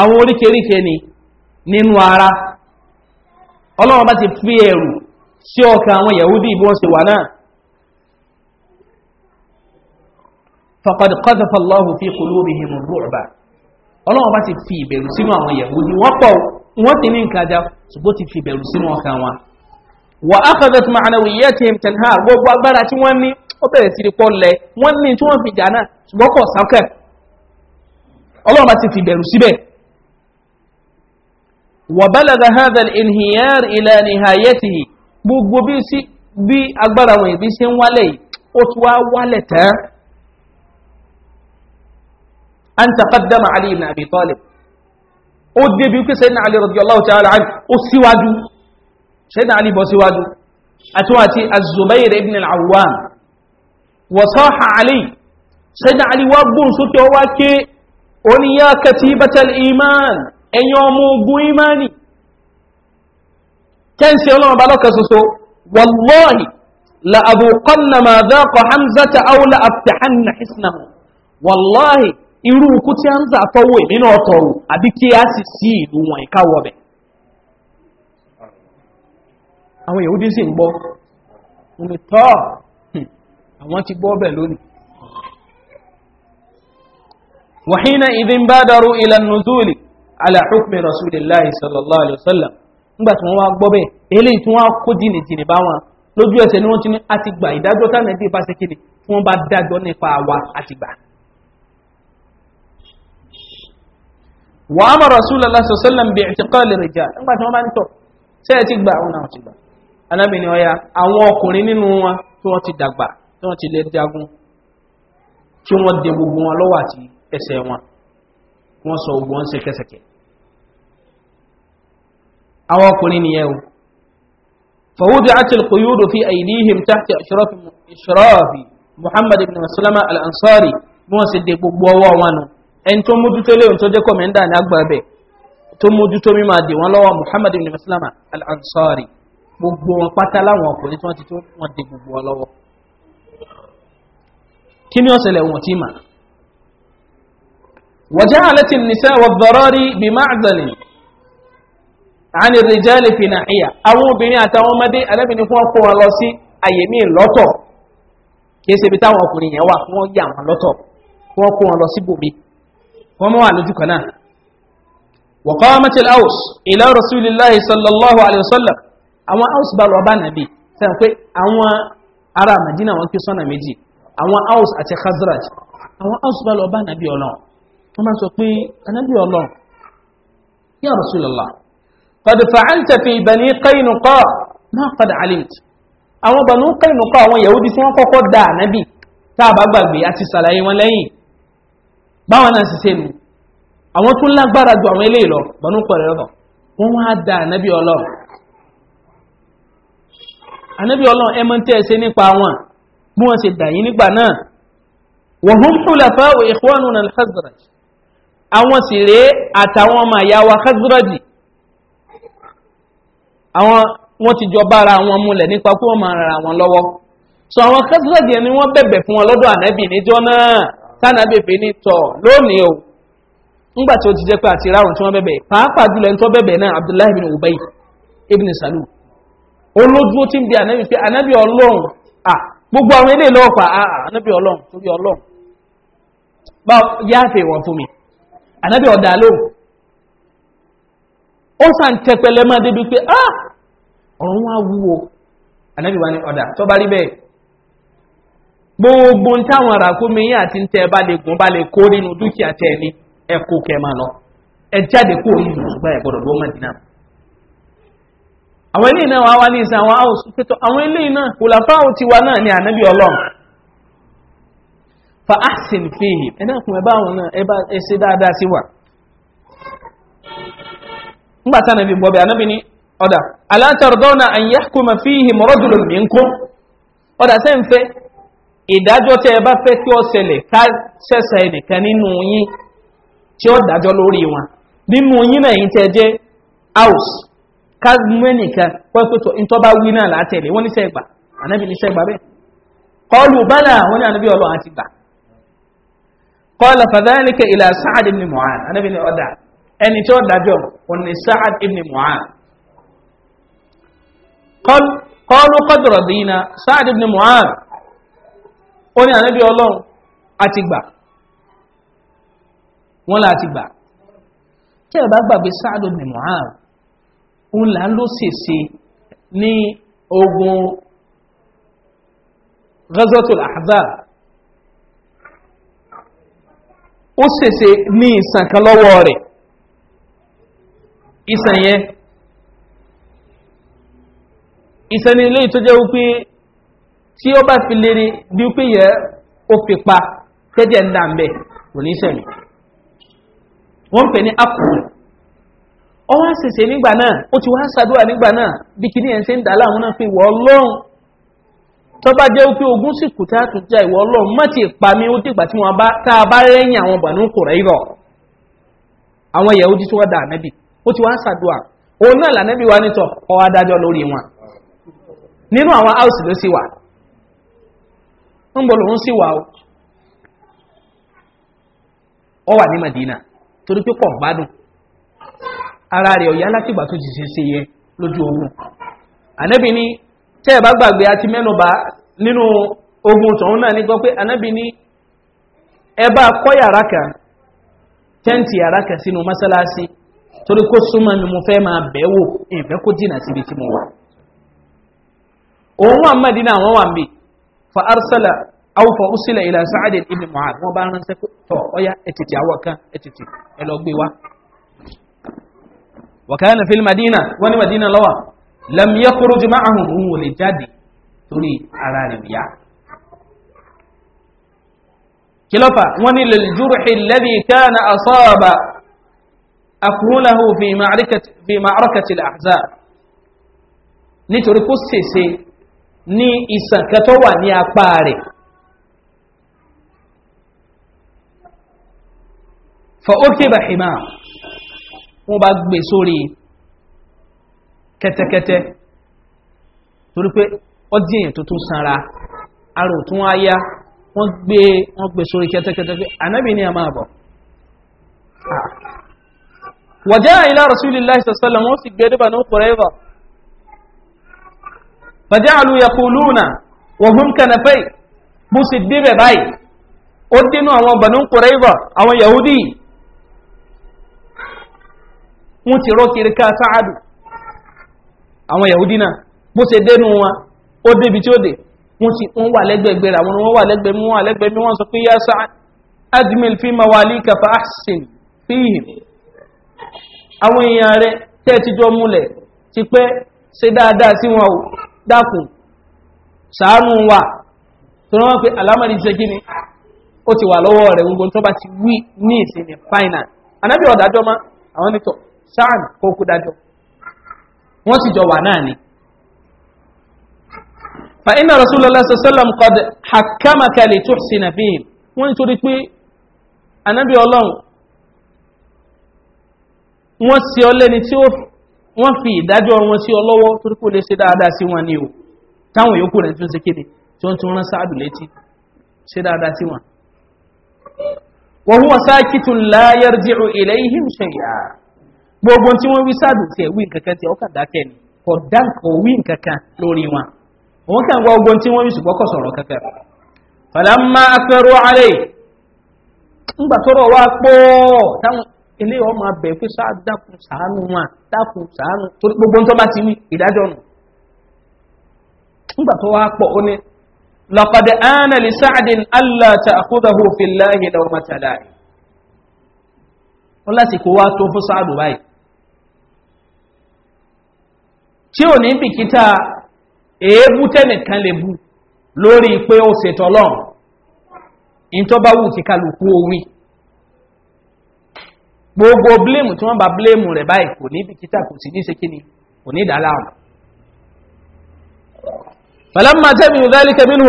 àwọn oríkèríkè ni nínú ara ọlọ́run bá ti fi ẹ̀rù sí ọkà àwọn yahudi bí wọ́n sì wà náà fàkọ̀dì fi kúlú omi hìmù rúùbà ọlọ́run bá ti fi ìbẹ̀rù sínú àwọn yahudi wọ́n pọ̀ wọ́n ti ní ti fi ìbẹ̀rù sínú ọkà wọn wà á kọ́ dọ̀tí màánà wìyẹ́ tí m tẹ̀lé hàn gbogbo agbára tí wọ́n ní ó bẹ̀rẹ̀ sí lẹ̀ wọ́n ní tí wọ́n fi jà náà ṣùgbọ́n kọ̀ وبلغ هذا الانهيار الى نهايته بوغو بيسي بي اغبارا وي بيسي ولي اوتوا ولتا ان تقدم علي بن ابي طالب ودي بيك سيدنا علي رضي الله تعالى عنه اسواد سيدنا علي بو بوسواد اتواتي الزبير بن العوام وصاح علي سيدنا علي وابو سوتي هو اونيا كتيبه الايمان ẹ̀yàn ọmọ ogun imani kẹ́ǹsì ọlọ́run bá lọ́kà soso wàlọ́ọ̀hì la'abùkọ́nà máa dákọ̀ hamzata aula abdahanna hisnahu wàlọ́ọ̀hì irú ukú tí a ń zà tọ́wọ́ nínú ọ̀tọ̀rù àbí kí a sì sí ìlú wọn ìkáwọ̀ bẹ̀ àwọn yahudi sì ń gbọ́ ala hukmi rasulillahi sallallahu alayhi wa sallam nígbà tí wọ́n wá gbọ́ bẹ́ẹ̀ eléyìí tí wọ́n á kó jìnnì jìnnì bá wọn lójú ẹsẹ̀ ni wọ́n ti ní àti gbà ìdájọ́ táwọn ẹbí bá ṣe kéde tí wọ́n bá dájọ́ nípa wa àti gbà. wà á mọ̀ rasulallah sọ̀sọ́làm bí ìtìkọ́ lè rìn jà nígbà tí wọ́n bá ń tọ̀ ṣé ẹ ti gbà àwọn wọ́n sọ ogun ọ́n sẹ́kẹsẹ̀kẹ́ àwọn ọkùnrin ni yẹ́wò fàwúdí àti alkuyúdò fi àìdíhìm tàbí ìṣòrọ́fì muhammad ibn musulama al'ansari bí wọ́n sì dé gbogbo ọwọ́ wọn nù ẹni tó mójútó léun tó jẹ́ kọ́mẹ́ndà ní agbábẹ̀ tó mójútó mímọ̀ dé wọn lọ́wọ́ muhammad ibn musulama al'ansari gbogbo wọn pátá láwọn ọkùnrin tí wọ́n ti tó wọn dé gbogbo ọlọ́wọ́ kí ni ọ̀sẹ̀lẹ̀ wọn ti máa وجعلت النساء والضراري بمعزل عن الرجال في ناحية أو بني أتومدي أنا بني فوق ولوسي أيمين لوتو kìí ṣe ibi táwọn ọkùnrin yẹn wà wọ́n yà wọ́n lọ́tọ̀ wọ́n kó wọn lọ sí bòmí wọ́n mọ́ wà lójú kan náà wọ̀kọ́ mẹ́tẹ̀lẹ̀ house ilẹ̀ rasulillahi sallallahu alayhi wa sallam àwọn house bá lọ bá nàbí sẹ́yìn pé àwọn ará madina wọn kí sọ́nà méjì àwọn house àti khazraj àwọn house bá lọ bá nàbí ọlọ́run wọ́n máa sọ pé anábì ọlọ́run ya Rasulullah qad fa'alta fi bani Qaynuqa ma qad alimt àwọn bani Qaynuqa àwọn yahudi tí wọ́n kọ́kọ́ dá anábì tá a bá gbàgbé àti sàlàyé wọn lẹ́yìn báwọn náà sì sẹ́nu àwọn tún lágbára ju àwọn eléyìí lọ bani Qaynuqa wọ́n wá dá anábì ọlọ́run anábì ọlọ́run ẹ mọ́ tẹ́ nípa wọn bí wọ́n ṣe dà yín nígbà náà wa hum khulafa'u ikhwanuna al-Khazraj àwọn sì rèé àtàwọn ọmọ ìyá wa kásírọ́jì àwọn wọ́n ti jọ bára wọn múlẹ̀ nípa pé wọ́n máa ra wọn lọ́wọ́ so àwọn kásírọ́jì ẹni wọ́n bẹ̀bẹ̀ fún wọn lọ́dọ̀ ànábì níjọ́ náà tánàbì ní tọ̀ lónìí o ńgbà tí ó ti jẹ́ pé àti ráwọn tí wọ́n bẹ̀bẹ̀ pàápàá jùlọ ẹni tó bẹ̀bẹ̀ náà abdullahi bin ubay ibn salu olójú tí ń bi ànábì pé ànábì ọlọ́run à gbogbo àwọn eléyìí lọ́ọ̀pá ànábì ọlọ́run torí ọlọ́run ànábì ọ̀dà lóhùn ó sàn tẹpẹlẹ máa débi pé ah ọ̀run wá wúwo ànábì ní ọ̀dà tó bá rí bẹ́ẹ̀ gbogbo ń táwọn yín àti ń tẹ bá lè gùn bá lè kó nínú dúkìá tẹ ẹ ní ẹ kó kẹ máa lọ ẹ jáde kó ṣùgbọ́n ẹ gbọ́dọ̀ àwọn eléyìí náà wá ní ìsìn àwọn àwọn eléyìí náà fa ahsin fihi ẹ na kún wọn náà ẹ bá ẹ ṣe dáadáa sí wa. nígbà ala anabi bọ̀ anyị akụ ní ọ̀dà alátàrúdọ́nà fihi mọ́rọ́dúnlọ́ mi ń kún ọ̀dà ẹ kí ọ ká nínú yín tí ó lórí wọn nínú yín náà yín ká mú wí náà ní anabi ní kọ́lá fàdáníkà ilà sáàd ibn mu'an anábì ní ọ̀dà ẹni tí ó dájọ́ òun ni sáàd ibn mu'an kọ́lù kọ́dọ̀rọ̀ dìínà sáàd ibn mu'an ó ní anábì ọlọ́run àti gbà wọ́n là ti gbà tí ẹ bá gbàgbé sáàd ibn mu'an òun là ń lọ sèse ní ogun gazotul ahzab ó sèse ní ìsàn kan lọ́wọ́ rẹ̀ ìsàn yẹn ìsàn ni tó jẹ́ wípé tí ó bá fi lérí bí wípé yẹ ó fi pa tẹ́jẹ̀ ń dà ń bẹ̀ kò ní sẹ̀mí wọ́n ń pè ní akùn ọwọ́n sèse nígbà náà ó ti wá sàdúrà nígbà náà bí kìíní ẹ̀ ń ṣe fi wọ́ ọlọ́run tó bá jẹ́ ogun sì kù tá a tún já ìwọ ọlọ́run má ti pa mí ó dìgbà tí wọ́n a bá rẹ́yìn àwọn bànú kò rẹ́yọ̀ àwọn ìyàwó tí wọ́n dà ànẹ́bì ó ti wá ń òun náà lànẹ́bì wa nítọ̀ ọ adájọ́ lórí wọn nínú àwọn house ló sì wà ń bọ̀ lòun sì wà ó wà ní madina torí pé ara rẹ̀ látìgbà tó ti ṣe ṣe yẹ lójú ni tẹ́ ẹ̀ bá gbàgbé àti mẹ́nubà nínú ogun tọ̀hún náà ní gbọ́ pé anábì ní ẹbá kọ́ yàrá kan tẹ́ǹtì yàrá kan sínú mọ́sálásí torí kó súnmọ́ mi mo fẹ́ máa bẹ̀wò ìfẹ́ kó jìnà síbi tí mo wà òun wà mọ́dínà àwọn wà mí fa arsala awufa usila ila sa'ad ibn mu'ad wọn bá ránṣẹ́ tọ̀ ọya ẹ̀tìtì àwọ̀ kan ẹ̀tìtì ẹ lọ gbé wa wàkàlẹ́ na fílmàdínà wọ́n ní màdínà lọ́wọ́ lẹ́mìíyẹ́ kóró jù máa hùn òun ò lè jáde torí ara rẹ̀ yá. kìlọ́fà wọ́n ní lẹ́lẹ́dúrúhì lẹ́dí kánà àsọ́ọ̀bà àkúrúnláhù fi màárọ̀kàtì àzá nítorí kó sèse ní ìsànkẹ́tọ́ wà ní apá rẹ̀. fọ́ ó kébà wọ́n bá gbé sórí kẹ́tẹ́kẹ́tẹ́ torí pé ó dín èyàn tó tún sanra arò tún wá yá wọ́n gbé wọ́n gbé sórí kẹ́tẹ́kẹ́tẹ́ pé ànábì ní a máa bọ̀ wàjá ilá rasulillah sọ̀sọ́lọ̀ wọ́n sì gbé dúbà ní kùrẹ́bà fàjá àlú ya kùlúùnà wọ̀hún kanafai bó sì débẹ̀ báyìí ó dínú àwọn yahudi náà bó ṣe dénú wọn ó débi tí ó dé wọn ti wọn wà lẹgbẹgbẹ rà wọn wà lẹgbẹmí wọn wà lẹgbẹmí wọn sọ pé yá sá admil fi ma wà ní kàfà ahsin fihim àwọn èèyàn rẹ tẹ́ ti jọ múlẹ̀ ti pẹ́ ṣe dáadáa sí wọn o dákun sàánú wa tó rán wọn pé alámọ̀rí ṣe kí ni ó ti wà lọ́wọ́ rẹ̀ gbogbo tó bá ti wí ní ìsinmi final anábìọ̀dájọ́ má àwọn nìtọ̀ sáà kó kú dájọ́ wọ́n sì jọ wà náà ni. fa inna rasulullah sallam qad hakamaka li tuhsina fihim wọ́n nítorí pé anabi ọlọ́run wọ́n sì ọ lẹ́ni tí wọ́n fi ìdájọ́ wọn sí ọ lọ́wọ́ torí kò lè ṣe dáadáa sí wọn ni o táwọn yòókù rẹ̀ tún ṣe kéde tí wọ́n tún rán sáàdù létí ṣe dáadáa sí wọn. wọ́n wọ́n sáà kìtùn láyé rẹ̀ jẹ́ ìlẹ́yìn ṣẹ̀yà. gbogbo tí wọ́n wí sáàdù tí ẹ̀wí nkankan tí ọkà dákẹ́ ni ọ̀dá òwí nkankan lórí wọn wọ́n kàn wá ogun tí wọ́n wí ṣùgbọ́kọ̀ sọ̀rọ̀ kankan fàlámà afẹ́rọ alẹ́ ńgbà tọrọ pọ̀ táwọn ilé ọmọ abẹ pé sáàdàkùn sàánù wọn dákùn sàánù torí gbogbo tó bá ti ní ìdájọ́ nù ńgbà tó pọ̀ ó ní sáàdìn ta àkúdàhù wá tó fún sáàdù báyìí tí ò ní bìkítà èébú tẹ́nìkan lè bu lórí pé ó ṣètò ọlọ́run ìtọ́ba wù kí kálukú owí gbogbo bílẹ̀mù tí wọ́n bá bílẹ̀mù rẹ̀ báyìí kò ní bìkítà kò sí ní sekini kò ní ìdálá àmà فلما سمعوا ذلك منه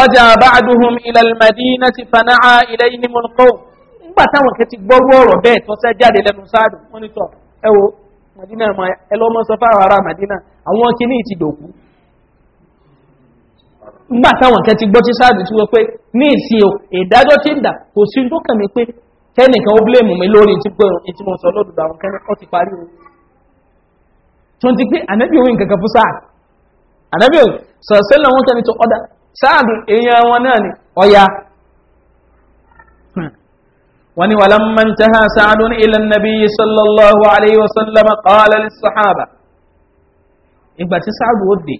رجع بعضهم إلى المدينة فنعى إليهم القوم nígbà táwọn kẹtì gbọ́rú ọ̀rọ̀ bẹ́ẹ̀ tó sẹ́ jáde lẹ́nu sáàdù wọ́n ní madina ma ẹ lọ́mọ sọ fáwọn ará madina àwọn kìíní ti dòkú nígbà táwọn kẹ ti gbọ́ tí sáàdù tí wọ́n pé ní o ìdájọ́ tí ń dà kò sí tó kàn mí pé kẹ́nìkan ó bléèmù mi lórí tí gbọ́ ètí sọ àwọn o tó ti pé kankan fún sáà wọ́n ní wàlámà ń tẹ́hà sáàdùn ilẹ̀ nàbí sallallahu alayhi wa sallam qaala lè sàhábà ìgbà tí sáàdù ó dé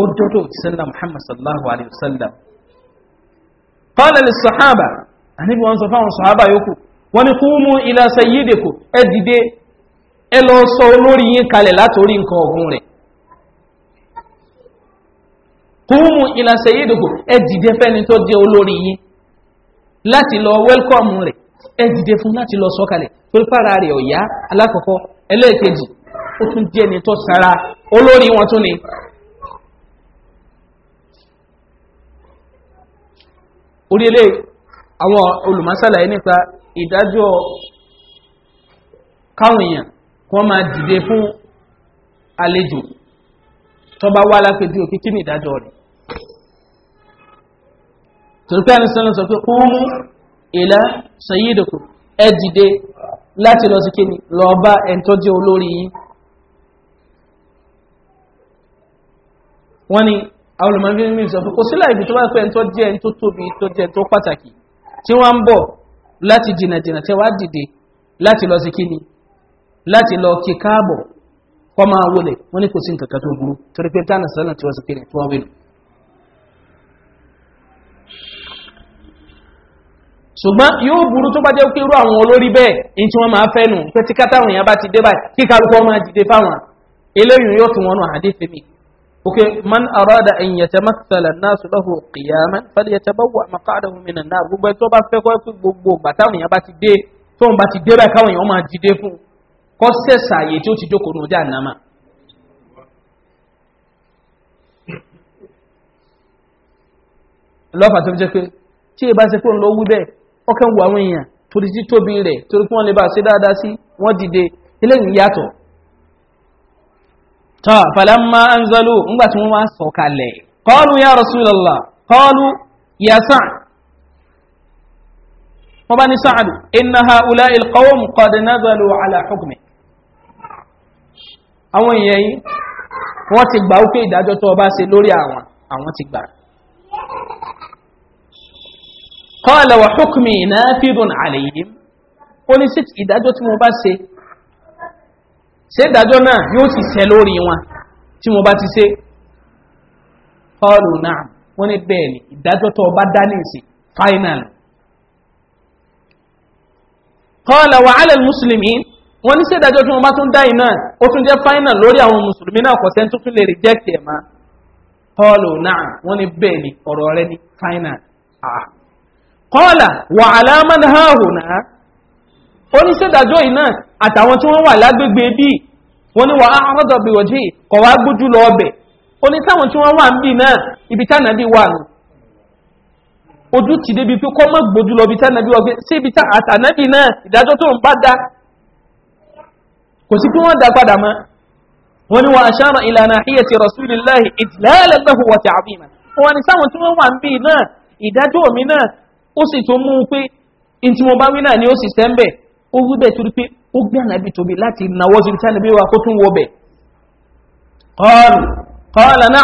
ó dọ́dọ̀ òtísẹ́lá muhammad sallallahu alayhi wa sallam qaala lè sàhábà àníbi wọn sọ fáwọn sàhábà yòókù wọ́n ní kúmù ilẹ̀ sayídèkù ẹ dìde ẹ lọ sọ olórí yín kalẹ̀ látòrí nǹkan ọ̀gùn rẹ̀ kúmù ilẹ̀ sayídèkù ẹ dìde fẹ́ni tó jẹ́ olórí yín láti lọ wẹ́lkọ̀mù rẹ̀ ẹ dìde fún láti lọ sọ́kalẹ̀ pípàrà rẹ̀ ọ̀yá alákọ̀ọ́kọ́ ẹlẹ́ẹ̀kejì ó tún jẹ́ ẹni tó sara olórí wọn tún ni. orí ilé àwọn olùmọ̀sálàyé nípa ìdájọ́ káwọn èèyàn kí wọ́n máa dìde fún àlejò tó bá wá lápẹjú òkè kí ni ìdájọ́ rẹ̀ torí pé àníṣe lọ sọ pé kúmú ìlà sọyídòkù ẹ dìde láti lọ sí kíni lọ bá ẹ̀ńtọ́jú olórí yín. wọ́n ní àwọn olùmọ̀bí mi sọ pé kò sílá ibi tó bá pẹ́ tó jẹ́ tó tóbi tó jẹ́ tó pàtàkì tí wọ́n ń bọ̀ láti jìnnà jìnnà tẹ́ dìde láti lọ sí kíni láti lọ kí káàbọ̀ kọ́ máa wọlé wọ́n ní kò sí nǹkan tó burú torí tánà sọ́nà tí wọ́n sì kíni tí wọ́n wí ṣùgbọ́n yóò burú tó bá jẹ́ pé irú àwọn olórí bẹ́ẹ̀ ní tí wọ́n máa fẹ́ nù pé tí kátàwọn èèyàn bá ti dé báyìí kí kálukọ́ máa dìde fáwọn eléyìí yóò tún wọn nù àdéfé mi. ok man arada an yẹ tẹmẹ sẹlẹ náà sọ lọhùn kìyàmẹ fẹlẹ yẹ tẹmẹ wà má lọ́fà tó fi jẹ́ pé ṣe pé òun ló wí bẹ́ẹ̀ wọ́n kàn wà àwọn èèyàn torí sí tóbi rẹ̀ torí kí wọ́n lè bá ṣe dáadáa sí wọ́n dìde eléyìí yàtọ̀ tọ́ fàlámà ń zọlù ńgbà tí wọ́n wá sọ̀kalẹ̀ kọlu ya rasulallah kọlu ya sàn wọ́n bá ní sàádù iná ha ulá ilkọ́wọ́m kọ́dé kọ́ọ̀lẹ̀ wà hukumi náfídùn àlèyìn ó ní sí ìdájọ́ tí mo bá se ṣe ìdájọ́ náà yóò ti sẹ lórí wọn tí mo bá ti se kọ́ọ̀lù náà wọ́n ní bẹ́ẹ̀ ni ìdájọ́ tó bá dání sí final kọ́ọ̀lẹ̀ wà alẹ́ mùsùlùmí wọ́n ní sí ìdájọ́ tí mo bá tún dá iná ó tún jẹ́ final lórí àwọn mùsùlùmí náà kọ̀ sẹ́ńtú tún lè reject ẹ̀ ma kọ́ọ̀lù náà wọ́n ní bẹ́ẹ̀ ni ọ̀rọ̀ rẹ ni final ah kọ́ọ̀là wà aláàmàn hàhùnà oníṣẹ́dàjọ́ iná àtàwọn tí wọ́n wà lágbègbè bí wọ́n ni wà áhọ́dọ̀ bí wọ́n jí kọ̀ wá gbójú lọ ọbẹ̀ oníṣàwọn tí wọ́n wà ń bì náà ibi tá nàbí wà nù ojú ti débi pé kọ́ mọ́ gbójú lọ ibi tá nàbí wà pé sí ibi tá àtànábì náà ìdájọ́ tó ń bá dá kò sí pé wọ́n dá padà mọ́ wọ́n wà aṣáàmà ìlànà àhíyẹ̀tì rasulillahi ìdílẹ́lẹ́lẹ́hùn ó sì tó mú pé in tí mo náà ni ó sì sẹ́ńbẹ̀ ó bẹ̀ torí pé ó gbé ànábì tóbi láti nawọ́ sí tí ànábì wa kó tún wọ bẹ̀ kọ́ọ̀lù náà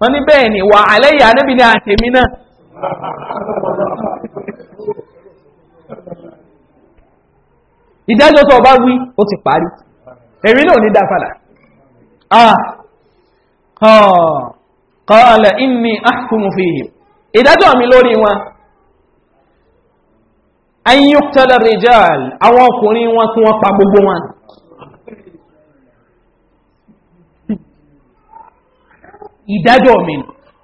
wọ́n ní bẹ́ẹ̀ ni wà àlẹ́yà ànábì ní àtẹ̀mí náà ìdájọ́ tó bá wí ó ti parí èmi náà ní dáfàdà kọ́ọ̀lù ah, inni fi ìdájọ́ mi lórí wọn ayíyúktẹ́lẹ̀ rìjáàl àwọn ọkùnrin wọn kí wọ́n pa gbogbo wọn ìdájọ́ mi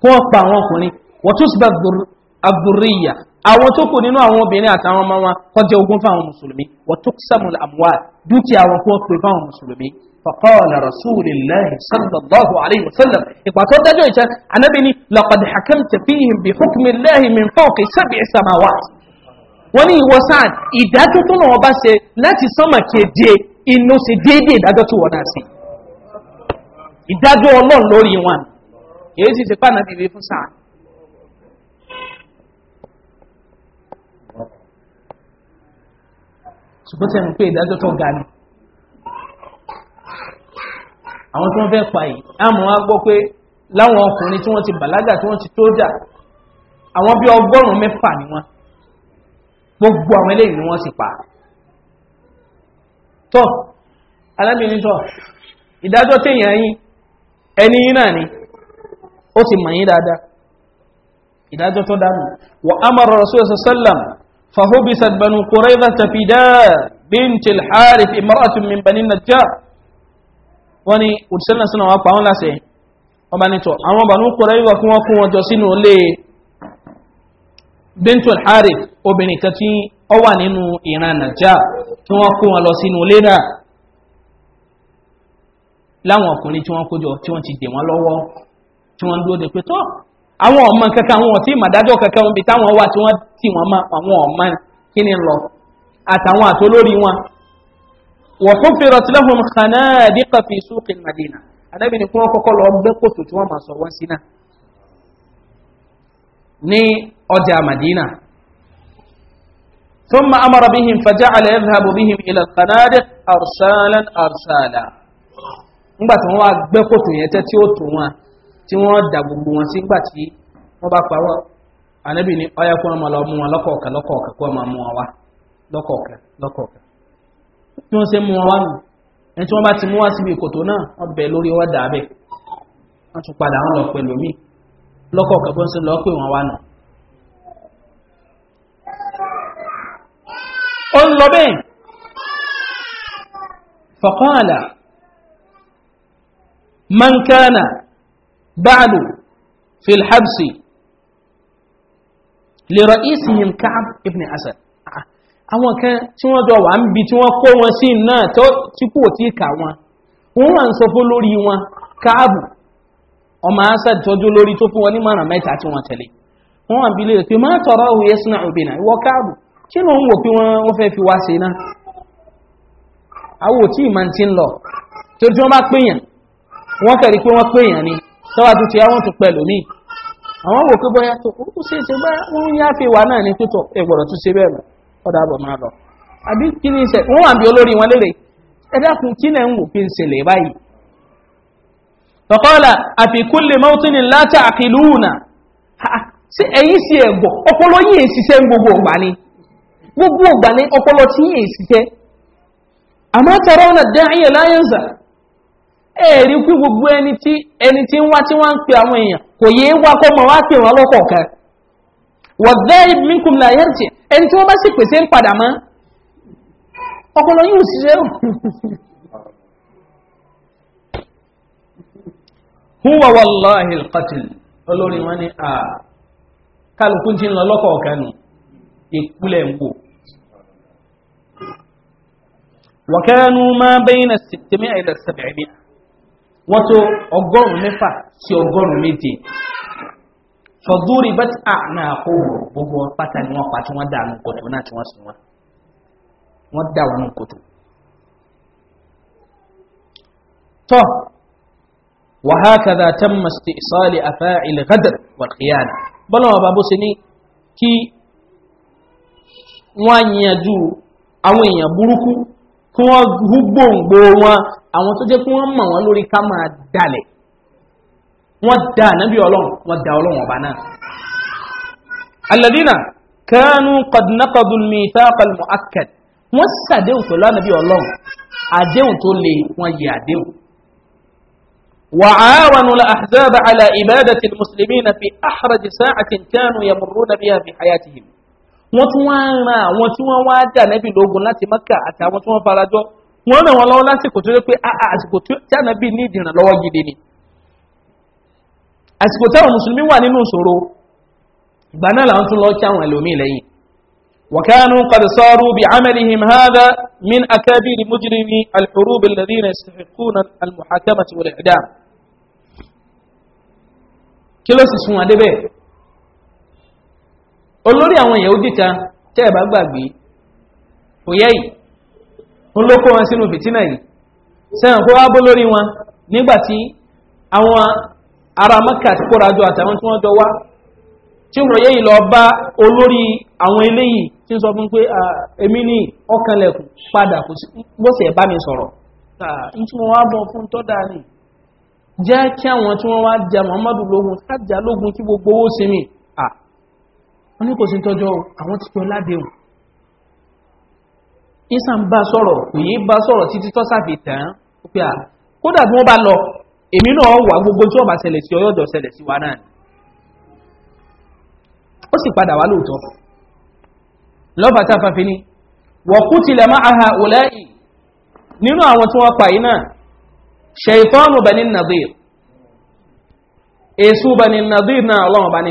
kí wọ́n pa àwọn ọkùnrin wọ́n tó síbà àbúríyà àwọn tó kù nínú àwọn obìnrin àtàwọn ọmọ wọn kọjá ogun fáwọn mùsùlùmí wọ́n tó sàmùlà àmúwà dúkìá wọn kí wọ́n pè fáwọn فقال رسول الله صلى الله عليه وسلم إقواتون دجوجة أنا بني لقد حكمت فيهم بحكم الله من فوق سبع سماوات wọ́n ní ìwọ sáà ìdájọ́ tó náà bá ṣe láti sánmà kéde inú sí déédéé ìdájọ́ tí wọ́n náà sí ìdájọ́ ọlọ́run lórí wọn èyí sì ṣe pàánà bíbí fún sáà ṣùgbọ́n tẹ́ mú pé ìdájọ́ tó ga ni àwọn tó ń fẹ́ pa yìí àmọ́ wá gbọ́ pé láwọn ọkùnrin tí wọ́n ti bàlágà tí wọ́n ti tó jà àwọn bí ọgọ́rùn-ún mẹ́fà ni wọ́n gbogbo àwọn eléyìí ni wọ́n sì pa tọ́ alábìnrin tọ́ ìdájọ́ téèyàn yín ẹni yín náà ni ó sì mọ̀ yín dáadáa ìdájọ́ tó dánù wà ámàrà rasulullah sallam fahubisa banu quraiza tafida bint al-harith imra'atun min bani al-harith obìnrin kan tí ọ wà nínú ìran nàjà tí wọ́n kó wọn lọ sínú ilé náà láwọn ọkùnrin tí wọ́n kójọ tí wọ́n ti dè wọ́n lọ́wọ́ tí wọ́n dúró de pé tọ́ àwọn ọmọ kankan àwọn ọ̀tí ìmàdájọ́ kankan níbi táwọn wà tí wọ́n tì wọ́n mọ́ àwọn ọmọ kí ni lọ àtàwọn àtolórí wọn wọ́n fún fèrè ọ̀tílẹ́hùn kaná dínkà fi sókè màdínà adábì ni wọ́n kọ́kọ́ lọ gbé kòtò tí wọ́n máa sọ wọ́n sí náà ní ọjà màdínà ثم أمر بهم فجعل يذهب بهم إلى القنادق أرسالا أرسالا nígbà tí wọ́n wá gbẹ́ kòtò yẹn tẹ́ tí ó tó wọn tí wọ́n dà gbogbo wọn tí wọ́n bá pa wọ́n ànábì ní kó wọn máa lọ mú wọn lọ́kọ̀ọ̀kan lọ́kọ̀ọ̀kan kó wọn máa mú wọn wá tí wọ́n ṣe mú wọn wá nù ẹni tí wọ́n bá ti mú wá síbi kòtò náà wọ́n bẹ̀ lórí wọ́n dà bẹ́ẹ̀ wọ́n tún mi bó ń ṣe wá ó ń lọ bẹ́ẹ̀ faqala man kana ba'lu fil habsi li ra'isihim Ka'b ibn Asad àwọn kan tí wọ́n jọ wà ń bi tí wọ́n kó wọn sí náà tó tí kò tí kà wọn wọ́n wà ń sọ fún lórí wọn káàbù ọmọ Asad tọ́jú lórí tó fún wọn ní mọ̀ràn mẹ́ta tí wọ́n tẹ̀lé wọ́n wà ń bi lè pé má tọrọ sínú kí ló ń wò pé wọ́n fẹ́ fi wá sí iná àwọn òtí ìmọ̀ ti ń lọ torí tí wọ́n bá pèèyàn wọ́n kẹ̀rí pé wọ́n pèèyàn ni tọ́wájú ti àwọn tó pẹ̀lú míì àwọn wò pé bóyá tó kúrú sí ṣe bá wọ́n yá fi wà náà ṣe bẹ́ẹ̀ ni ìṣẹ̀ wọ́n wà bí olórí wọn lérè ẹ dákun kí lẹ́ ń wò pé ń ṣẹlẹ̀ báyìí tọ́kọ́lá àfikún lè mọ́tínì látà àkìlúùnà sí ẹ̀gbọ̀ ọpọlọ yìí ń gbogbo ọgbà ni gbogbo ògbà ní ọpọlọ tí yìí síkẹ́ àmọ́ ọ̀nà dáhìyẹ láyẹ̀nsà ẹ̀rí pín gbogbo ẹni tí ń wá tí wọ́n ń pè àwọn èèyàn kò yé wá kọ́ mọ̀ wá pè wọ́n lọ́kọ̀ọ̀kan ẹni huwa وكانوا ما بين الستمائة إلى السبعمائة وتو أقول مفا سي أقول ميتي فضربت أعناقهم بوبو باتان وقاتوا ودعوا كتو ناتوا وسنوا ودعوا كتو تو وهكذا تم استئصال أفاعي الغدر والخيانة بل بابو سني كي وان يجو أو يبركوا kí wọ́n hú gbòǹgbò wọn àwọn tó jẹ́ kí wọ́n mọ̀ wọ́n lórí ká máa dalẹ̀ wọ́n da ànábì ọlọ́run wọ́n da ọlọ́run ọba náà. alẹ́dínà kánú kọ̀dínàkọ̀dù mìtáàkọ̀lù mọ̀ákẹ́t wọ́n ṣàdéhùn pẹ̀lú ànábì ọlọ́run àdéhùn tó le wọ́n yẹ àdéhùn. وعاونوا الأحزاب على إبادة المسلمين في أحرج ساعة كانوا يمرون بها في حياتهم wọ́n tún wá ń ran àwọn tí wọ́n wá dà nẹ́bì lógun láti mọ́kà àti àwọn tí wọ́n farajọ́ wọ́n ràn wọ́n lọ́wọ́ lásìkò tó yẹ pé ah, ah, àsìkò tí ànábì ní ìdìrànlọ́wọ́ gidi ni àsìkò táwọn mùsùlùmí wà nínú ìṣòro ìgbà náà làwọn tún lọ kí àwọn ẹlòmíì lẹ́yìn wàkánú kàdé sọ́ọ́rù bí amẹ́lìhìm hádà min akẹ́bìrì mújìrìmí alḥurúbi lẹ́dínà ìsìnkúnà almuhakama ti wọlé ẹ̀dá kí ló sì sun adébẹ̀ olórí àwọn yahudi kan tẹ́ ẹ̀ bá gbàgbé òye yìí ń ló kó wọn sínú fìtínà yìí sẹ́yìn kó wá bó lórí wọn nígbà tí àwọn ará mẹ́kà ti kóra jọ àtàwọn tí wọ́n jọ wá tí òye yìí lọ bá olórí àwọn eléyìí tí ń sọ fún pé èmi ní ọkànlẹ̀kùn padà kò sí bá mi sọ̀rọ̀ jẹ́ kí àwọn tí wọ́n wá jẹ muhammadu lógun ká jà lógun kí gbogbo owó sinmi wọ́n ní kò sí tọ́jọ́ àwọn ti pẹ́ ládéhùn ìsà ń bá sọ̀rọ̀ titi bá sọ̀rọ̀ títí tọ́sàfì lọ èmi náà wà gbogbo tí ọba ṣẹlẹ̀ sí ọyọ́dọ̀ ṣẹlẹ̀ sí wa náà ó sì padà wá lóòótọ́ lọ́ba tá a aha òlẹ́yìn nínú àwọn tí wọ́n pa yìí náà bẹni bẹni náà ọlọ́run bá ní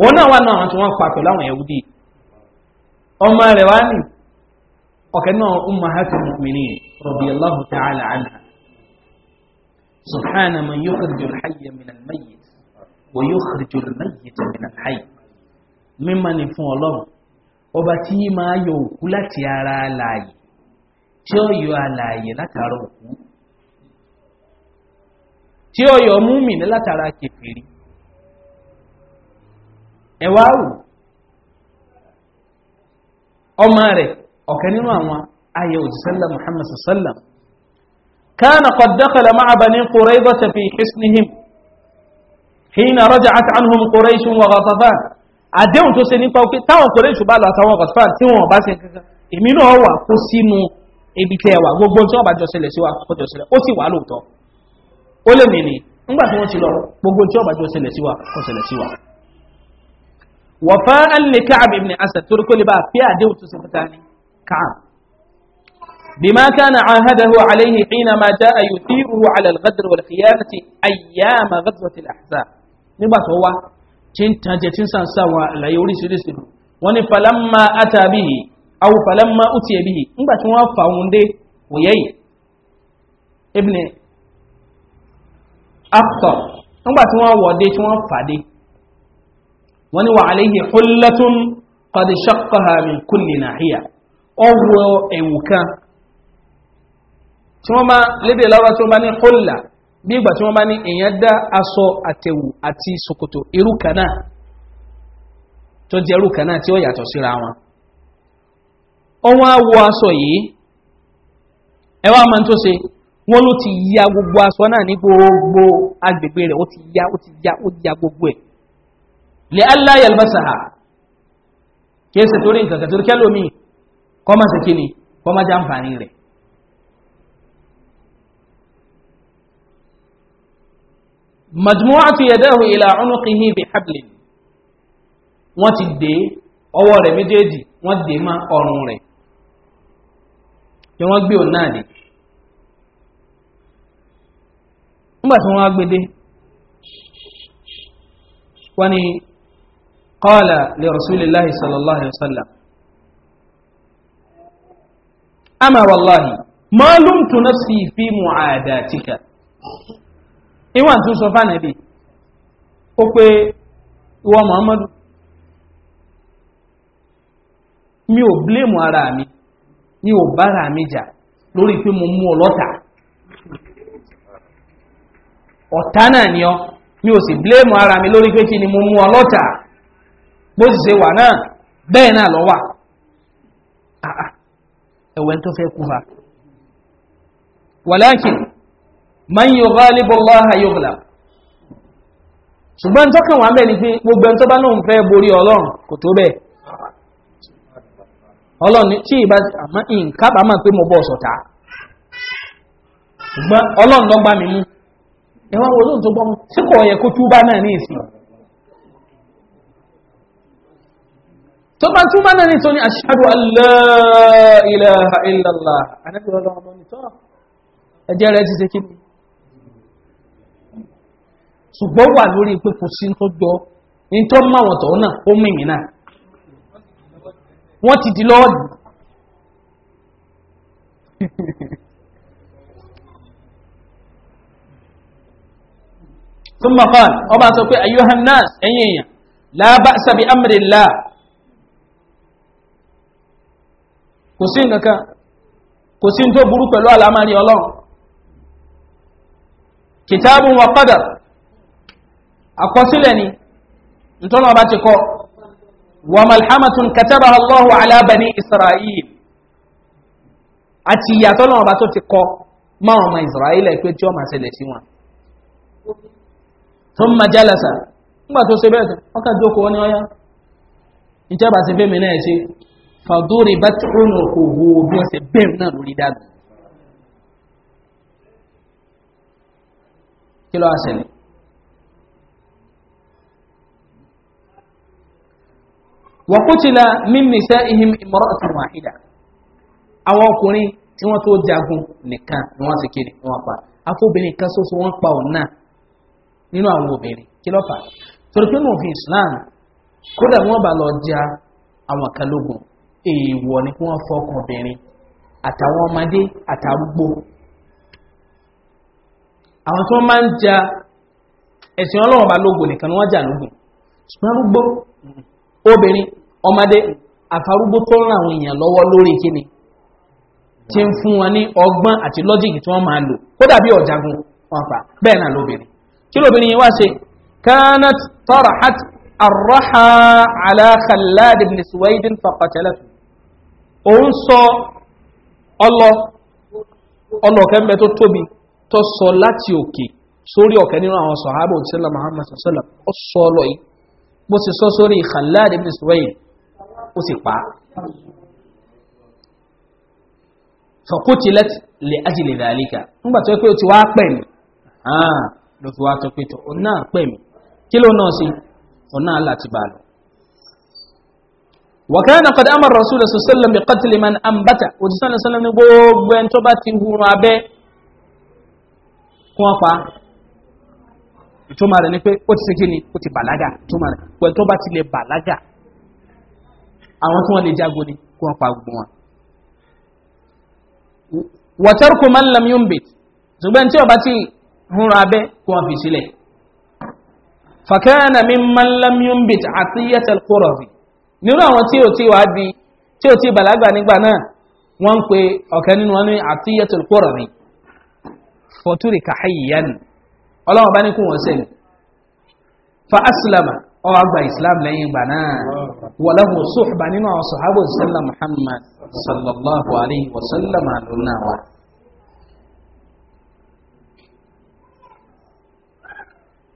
òun náà wà náà àwọn tí wọ́n pa pẹ̀lú àwọn yahudi ọmọ rẹ̀ wá ní ọ̀kẹ́ náà umma hati mukmini rabi allahu ta'ala anha subhana man yukhriju alhayya min almayyit wa yukhriju almayyit min alhayy mímọ ni fún ọlọ́run ọba tí máa yọ òkú láti ara alààyè tí ó yọ alààyè látara òkú tí ó yọ múmi látara kẹfìrí ẹ wá wò ọmọ rẹ̀ ọ̀kẹ́ nínú àwọn ayé òjísẹ́lá muhammad sallam كان قد دخل مع بني قريظة في حصنهم حين رجعت عنهم قريش وغطفان àdéhùn tó ṣe nípa pé táwọn kòrèṣù bá lọ àtàwọn ọ̀gọ̀tfà tí wọ́n bá ṣe kankan èmi náà wà kó sínú ibi tẹ́ wà gbogbo tí wọ́n bá jọ sí wa kó jọ ó sì wà lóòótọ́ ó lè mìíní nígbà tí wọ́n ti lọ gbogbo tí wọ́n bá jọ sí wa kó sílẹ̀ sí wa. وفاء لكعب بن أسد ترك لبا في أدوت سفتاني كعب بما كان عاهده عليه حينما جاء يثيره على الغدر والخيانة أيام غزوة الأحزاب نبات هو تنتا جتنسا سوا لا يوري سيرسل وني فلما أتى به أو فلما أتي به نبات هو فاوندي ويي ابن أخطر نبات هو ودي هو فادي wọ́n wa wà hullatun kọ́dí ṣakọ́ha mi kúlì nàhíyà ọwọ́ ẹ̀wù tí wọ́n bá lédè lára tí wọ́n bá ní hulla bí ìgbà tí wọ́n ati ní èèyàn dá aṣọ àtẹ̀wù àti ṣòkòtò irú kan náà tó jẹ́ irú kan náà tí awọ aṣọ yìí ẹ wá máa ń tó ṣe ti ya gbogbo aṣọ náà ní gbogbo agbègbè rẹ̀ ó ti ya ó ti ya ó ya lè aláyẹ̀ lọ́sàá kìí ṣe torí nǹkan kàtó kẹlòmí kọ́má ṣe kíni kọ́má já nfààní rẹ̀. majmu'atu yadahu ila unuqihi bi hablin wọ́n ti dé ọwọ́ rẹ̀ méjèèjì wọ́n dé má ọrùn rẹ̀ kí wọ́n gbé òun náà dé. nígbà wọ́n á gbé dé wọ́n ní. قال لرسول الله صلى الله عليه وسلم أما والله ما لمت نفسي في معاداتك إيوان تنصفى نبي أوكي هو محمد mi ò bléèmù ara mi mi ò bára mi jà lórí pé mo mú ọlọ́ta ọ̀tá náà ni ọ mi ò sì bléèmù ara mi lórí pé kí ni mo mú ọlọ́ta bó sì ṣe wà náà bẹ́ẹ̀ náà lọ wà ah, ah. ẹ̀wẹ̀ tó fẹ́ kú fa wàlákin man yóò gáálíbọ̀ láha yóò gbà ṣùgbọ́n tọ́kàn wà mẹ́rin pé gbogbo Olon' tó bá lóun fẹ́ borí ọlọ́run kò tó bẹ́ẹ̀ ọlọ́run tí ìbá pé mo bọ́ sọ̀tà ṣùgbọ́n ọlọ́run lọ́gbà mi mú wo lóun tó sí kò kó túbá náà tó bá túmọ̀ náà ní tó ní ashhadu an la ilaha illallah ànábì ọlọ́run ọmọ nìtọ́ ẹ̀jẹ̀ rẹ̀ ti ṣe kí ni ṣùgbọ́n wà lórí pé kò ثم قال أبا أيها الناس أيها لا بأس بأمر الله kò sí nǹkan kò sí tó burú pẹ̀lú àlámàrí ọlọ́run kìtàbù wọn padà àkọsílẹ̀ ni ntọ́nà ọba ti kọ́ wà malhamatun kataba allahu israel àti ọba tó ti kọ́ mọ́ ọmọ israel pé tí ó máa ṣẹlẹ̀ sí wọn tó ń ma jálasa nígbà tó ṣe bẹ́ẹ̀ tán ọkà jókòó ní ọyá ìjọba ti fẹ́ mi fàdúrì bá tí ó nù òwò bí wọ́n ṣe bẹ́ẹ̀ náà lórí dàgbà. kí ló wá ṣẹlẹ̀? wàkútìlá mímì sẹ́ ihim ìmọ̀rọ̀ ọ̀tún wàhídà àwọn ọkùnrin tí wọ́n tó jagun nìkan ni wọ́n ti kiri ni pa afọ́bìnrin kan ṣoṣo wọ́n pa ọ̀nà nínú àwọn obìnrin kí ló fà torí pé nù òfin islam kódà wọ́n bá lọ ja àwọn kan lógun èèwọ̀ ni kí wọ́n fọkàn obìnrin àtàwọn ọmọdé àtàrúgbó àwọn tí wọ́n máa ń ja ẹ̀sìn ọlọ́run bá lógun nìkan ni wọ́n jà lógun ṣùgbọ́n arúgbó obìnrin ọmọdé àfarúgbó tó ń ran àwọn èèyàn lọ́wọ́ lórí kíni tí ń fún wọn ní ọgbọ́n àti lọ́jìkì tí wọ́n máa lò kó dàbí ọ̀jagun wọn fà bẹ́ẹ̀ náà lóbìnrin kí lóbìnrin yìí wá ṣe kánát tọ́rọ̀ àti àrọ́hà aláhàlá ibn suwaidin fàkọ̀tẹ́lẹ́tù òun sọ ọlọ ọlọ kẹ́mbẹ tó tóbi tó sọ láti òkè sórí ọ̀kẹ́ nínú àwọn sọ̀hábà òtísẹ́lá muhammad sọ̀sẹ́lá ó sọ ọlọ yìí bó sì sọ sórí ìhàláàdì ibn suwayi ó sì pa fọkútilẹt lè ajílẹ̀ dàlíkà nígbà tó pé ó ti wá pẹ̀ mí ah, ló fi wá tó pé tó ó náà pẹ̀ mí kí ló náà sí ó náà láti bàlù wàkàna kọ̀dá àmà rasulà sọ̀sọ́lọ̀ mi kọ́tìlì man ambata òjísọ́nà sọ́lọ́ ní gbogbo ẹni tó bá ti hurun abẹ́ kún ọ̀pá ìtumọ̀ rẹ̀ ni pé ó ti ṣe kí ni ó ti bàlágà ìtumọ̀ rẹ̀ pẹ̀lú tó bá ti lè bàlágà àwọn tí wọ́n lè jágo ni kún ọ̀pá gbogbo wọn. wàtẹ́rùkù máa ń lam yóò ń bè ṣùgbọ́n tí ọba ti hurun abẹ́ kún ọ̀fì sílẹ̀ fàkẹ́yà na mi máa ń lam yóò ń bè àti yẹ́tẹ̀ nírú àwọn tí ò tí wàá di tí ò tí bàlágbà nígbà náà wọ́n ń pe ọ̀kẹ́ nínú wọn ní àtúnyẹ̀tò kúrọ̀rì fọ̀túrì káhẹ́yìyáni ọlọ́run bá ní kó wọ́n sẹ́ni fa asilama ọwọ́ àgbà islam lẹ́yìn ìgbà náà wọ́lọ́hùn sóòbà nínú àwọn sòhábò sẹ́lá muhammad sallallahu alayhi wa sallam àdúrà wa.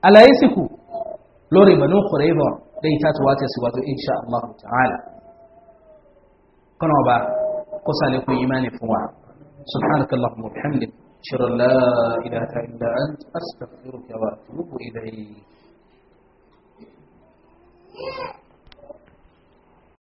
àlàyé lórí ìbànú kùrẹ́bọ̀rọ̀ léyìí wá tẹ̀síwájú insha allah ta'ala kọ́nà ọba kó sálẹ̀ kún imani fún wa subhanaka allahumma bihamdik shirin la ilaha illa ant astaghfiruka wa atubu ilayk Yeah.